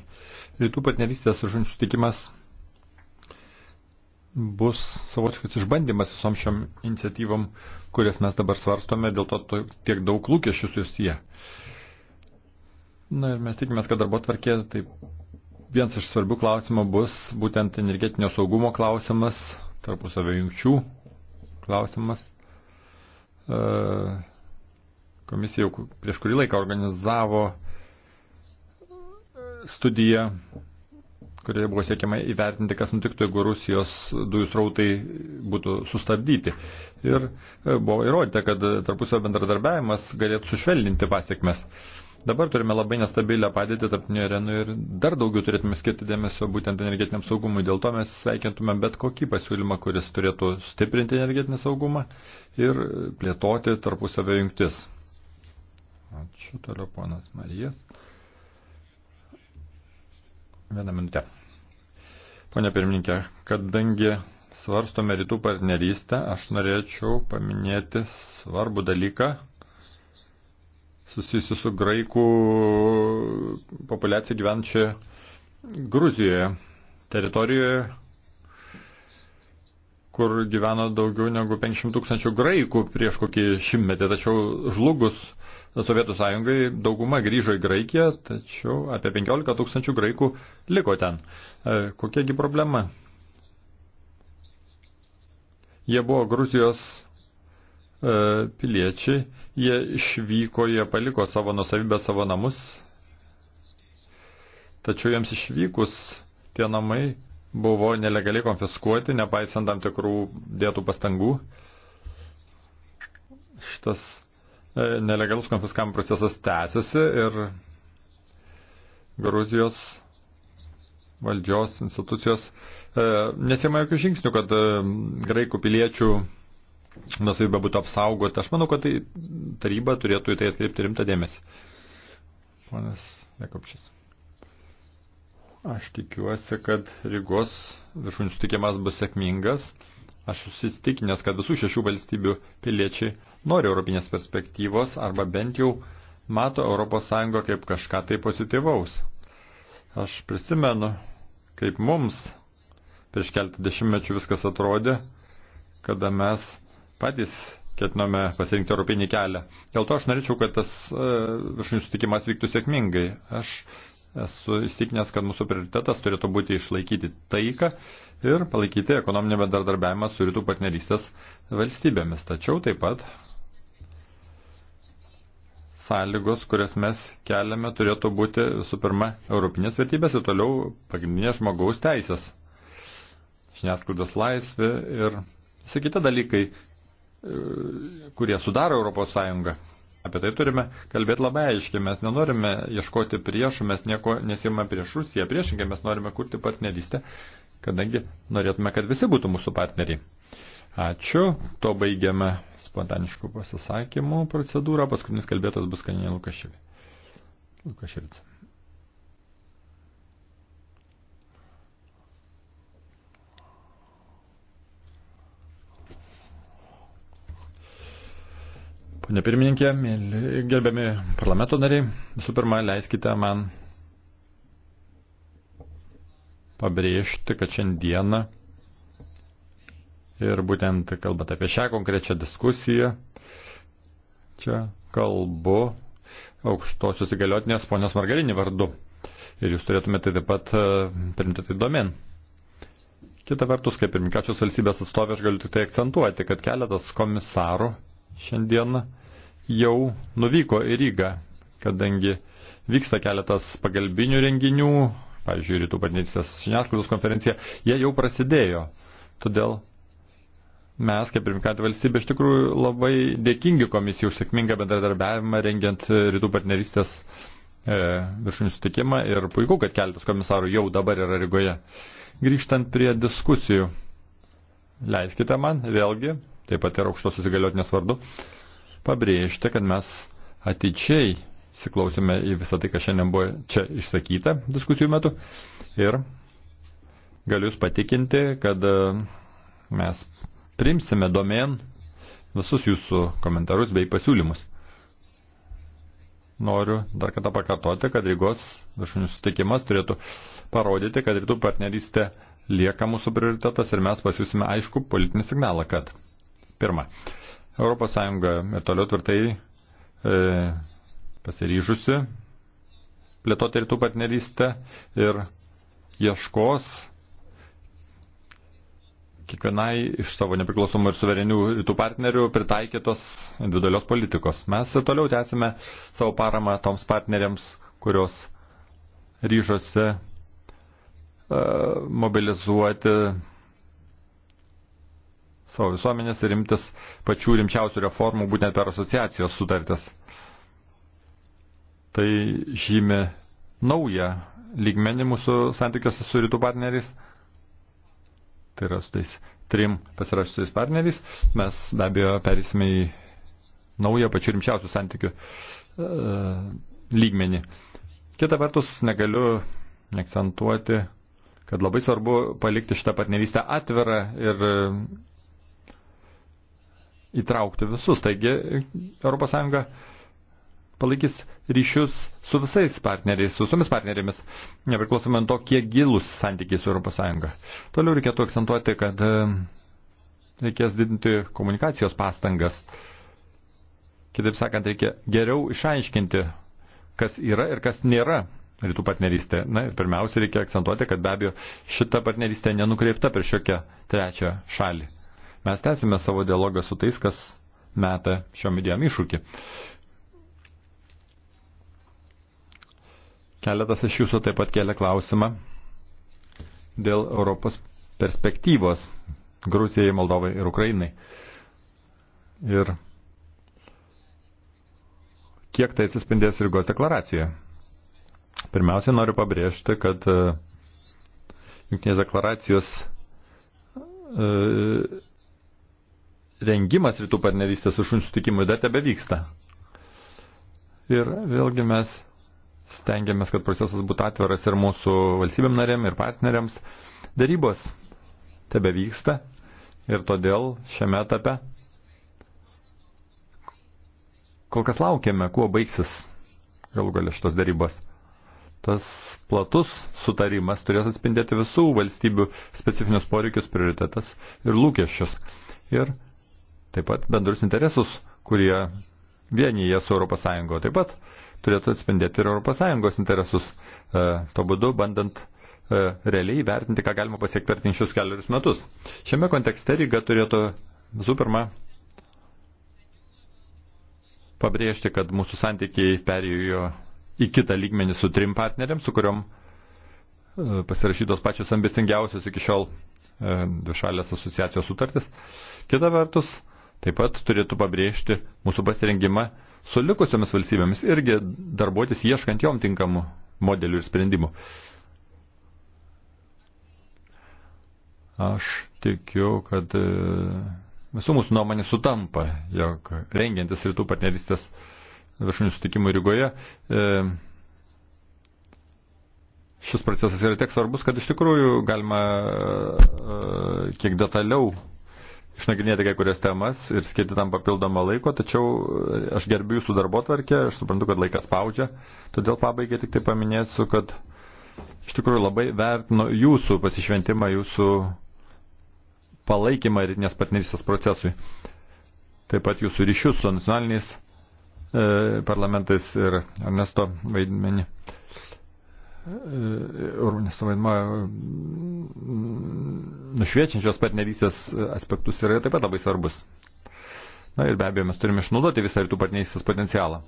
rytų partnerystės žinių sutikimas bus savotiškas išbandymas visom šiom iniciatyvom, kurias mes dabar svarstome, dėl to, to tiek daug lūkesčių susiję. Na ir mes tikimės, kad darbo tvarkė, tai vienas iš svarbių klausimų bus būtent energetinio saugumo klausimas, tarpusavio jungčių klausimas. E, komisija jau prieš kurį laiką organizavo e, studiją, kurioje buvo siekiama įvertinti, kas nutiktų, jeigu Rusijos dujų srautai būtų sustabdyti. Ir e, buvo įrodyta, kad tarpusio bendradarbiavimas galėtų sušvelninti pasiekmes. Uh, Dabar turime labai nestabilę padėtį tarptinio arenų ir dar daugiau turėtume skirti dėmesio būtent energetiniam saugumui. Dėl to mes sveikintume bet kokį pasiūlymą, kuris turėtų stiprinti energetinį saugumą ir plėtoti tarpusavio jungtis. Ačiū toliau, ponas Marijas. Vieną minutę. Pone pirmininkė, kadangi svarstome rytų partnerystę, aš norėčiau paminėti svarbų dalyką, susijusi su graikų populiacija gyvenčia Gruzijoje, teritorijoje, kur gyveno daugiau negu 500 tūkstančių graikų prieš kokį šimtmetį, tačiau žlugus Sovietų sąjungai dauguma grįžo į Graikiją, tačiau apie 15 tūkstančių graikų liko ten. E, kokiagi problema? Jie buvo Gruzijos E, piliečiai, jie išvyko, jie paliko savo nusavybę, savo namus, tačiau jiems išvykus tie namai buvo nelegaliai konfiskuoti, nepaisant tam tikrų dėtų pastangų. Šitas e, nelegalus konfiskavimo procesas tęsiasi ir Gruzijos valdžios institucijos e, nesima jokių žingsnių, kad graikų piliečių nusavybė būtų apsaugota. Aš manau, kad tai taryba turėtų į tai atkreipti rimtą dėmesį. Ponas Jakobčis. Aš tikiuosi, kad Rygos viršūnių sutikimas bus sėkmingas. Aš susitikinęs, kad visų šešių valstybių piliečiai nori europinės perspektyvos arba bent jau mato ES kaip kažką tai pozityvaus. Aš prisimenu, kaip mums prieš keltą dešimtmečių viskas atrodė, kada mes patys ketinome pasirinkti europinį kelią. Dėl to aš norėčiau, kad tas e, viršūnių sutikimas vyktų sėkmingai. Aš esu įstikinęs, kad mūsų prioritetas turėtų būti išlaikyti taiką ir palaikyti ekonominį bendradarbiavimą su rytų partnerystės valstybėmis. Tačiau taip pat sąlygos, kurias mes keliame, turėtų būti visų pirma europinės vertybės ir toliau pagrindinės žmogaus teisės, žiniasklaidos laisvė ir visi kiti dalykai, kurie sudaro ES. Apie tai turime kalbėti labai aiškiai. Mes nenorime ieškoti priešų, mes nieko nesima prieš Rusiją. Priešingai mes norime kurti partnerystę, kadangi norėtume, kad visi būtų mūsų partneriai. Ačiū. To baigiame spontaniškų pasisakymų procedūrą. Paskutinis kalbėtas bus Kaninė Lukaševica. Pone pirmininkė, gerbiami parlamento nariai, visų pirma, leiskite man pabrėžti, kad šiandieną ir būtent kalbant apie šią konkrečią diskusiją, čia kalbu aukštosios įgaliotinės ponios Margarinį vardu. Ir jūs turėtumėte taip pat e, primti tai domen. Kita vertus, kaip pirminkačios valstybės atstovė, aš galiu tik tai akcentuoti, kad keletas komisarų šiandien jau nuvyko į Rygą, kadangi vyksta keletas pagalbinių renginių, pavyzdžiui, Rytų partnerystės žiniasklaidos konferencija, jie jau prasidėjo. Todėl mes, kaip pirmkantį valstybę, iš tikrųjų labai dėkingi komisijai už sėkmingą bendradarbiavimą rengiant Rytų partnerystės e, viršūnių sutikimą ir puiku, kad keletas komisarų jau dabar yra Rygoje. Grįžtant prie diskusijų, leiskite man vėlgi taip pat ir aukštosios įgaliotinės vardu, pabrėžti, kad mes ateičiai siklausime į visą tai, kas šiandien buvo čia išsakyta diskusijų metu. Ir galiu Jūs patikinti, kad e, mes primsime domen visus Jūsų komentarus bei pasiūlymus. Noriu dar kartą pakartoti, kad Rygos viršūnių sutikimas turėtų parodyti, kad rytų partnerystė lieka mūsų prioritetas ir mes pasiūsime aišku politinį signalą, kad Pirma, ES ir toliau tvirtai e, pasiryžusi plėtoti rytų partnerystę ir ieškos kiekvienai iš savo nepriklausomų ir suverenių rytų partnerių pritaikytos individualios politikos. Mes ir toliau tęsime savo paramą toms partneriams, kurios ryžosi uh, mobilizuoti savo visuomenės ir imtis pačių rimčiausių reformų būtent per asociacijos sutartis. Tai žymi naują lygmenį mūsų santykiuose su rytų partneriais. Tai yra su tais trim pasirašysiais partneriais. Mes be abejo perėsime į naują pačių rimčiausių santykių e, lygmenį. Kita vertus, negaliu akcentuoti, kad labai svarbu palikti šitą partnerystę atvirą ir įtraukti visus. Taigi ES palaikys ryšius su visais partneriais, su visomis partnerėmis, nepriklausomai to, kiek gilus santykiai su ES. Toliau reikėtų akcentuoti, kad e, reikės didinti komunikacijos pastangas. Kitaip sakant, reikia geriau išaiškinti, kas yra ir kas nėra rytų partnerystė. Na ir pirmiausia, reikia akcentuoti, kad be abejo šita partnerystė nenukreipta per šiokią trečią šalį. Mes tęsime savo dialogą su tais, kas meta šiom idėjom iššūkį. Keletas iš jūsų taip pat kelia klausimą dėl Europos perspektyvos Gruzijai, Moldovai ir Ukrainai. Ir kiek tai atsispindės Rygos deklaracijoje. Pirmiausia, noriu pabrėžti, kad e, Junktinės deklaracijos e, rengimas rytų partnerystės viršūnių sutikimui dar tebe vyksta. Ir vėlgi mes stengiamės, kad procesas būtų atviras ir mūsų valstybėm narėm, ir partneriams. Darybos tebe vyksta ir todėl šiame etape kol kas laukiame, kuo baigsis galų galia šitos darybos. Tas platus sutarimas turės atspindėti visų valstybių specifinius poreikius, prioritetas ir lūkesčius. Ir taip pat bendrus interesus, kurie vienyje su ES, taip pat turėtų atspindėti ir ES interesus, e, to būdu bandant e, realiai vertinti, ką galima pasiekti per tinčius keliarius metus. Šiame kontekste Ryga turėtų visų pirma pabrėžti, kad mūsų santykiai perėjo į kitą lygmenį su trim partneriam, su kuriuom e, pasirašytos pačios ambicingiausios iki šiol e, dvišalės asociacijos sutartis. Kita vertus, Taip pat turėtų pabrėžti mūsų pasirengimą su likusiomis valstybėmis irgi darbuotis ieškant jom tinkamų modelių ir sprendimų. Aš tikiu, kad e, visų mūsų nuomonė sutampa, jog rengiantis rytų partnerystės viršūnių sutikimų Rygoje, e, šis procesas yra tiek svarbus, kad iš tikrųjų galima e, kiek detaliau išnagrinėti kai kurias temas ir skirti tam papildomą laiko, tačiau e, aš gerbiu jūsų darbo tvarkę, aš suprantu, kad laikas spaudžia, todėl pabaigai tik tai paminėsiu, kad iš tikrųjų labai vertinu jūsų pasišventimą, jūsų palaikymą rytinės partnerystės procesui, taip pat jūsų ryšius su nacionaliniais e, parlamentais ir Ernesto vaidmenį. E, Urbanės vaidmo mm, nušviečiančios partnerystės aspektus yra taip pat labai svarbus. Na ir be abejo, mes turime išnaudoti visą rytų partnerystės potencialą.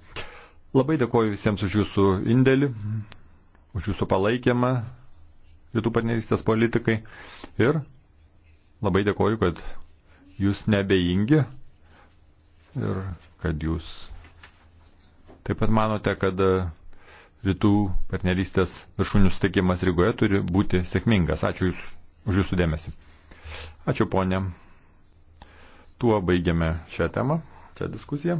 Labai dėkoju visiems už jūsų indėlį, už jūsų palaikymą rytų partnerystės politikai ir labai dėkoju, kad jūs nebejingi ir kad jūs taip pat manote, kad rytų partnerystės viršūnių sutikimas Rygoje turi būti sėkmingas. Ačiū jūs, už Jūsų dėmesį. Ačiū ponė. Tuo baigiame šią temą, šią diskusiją.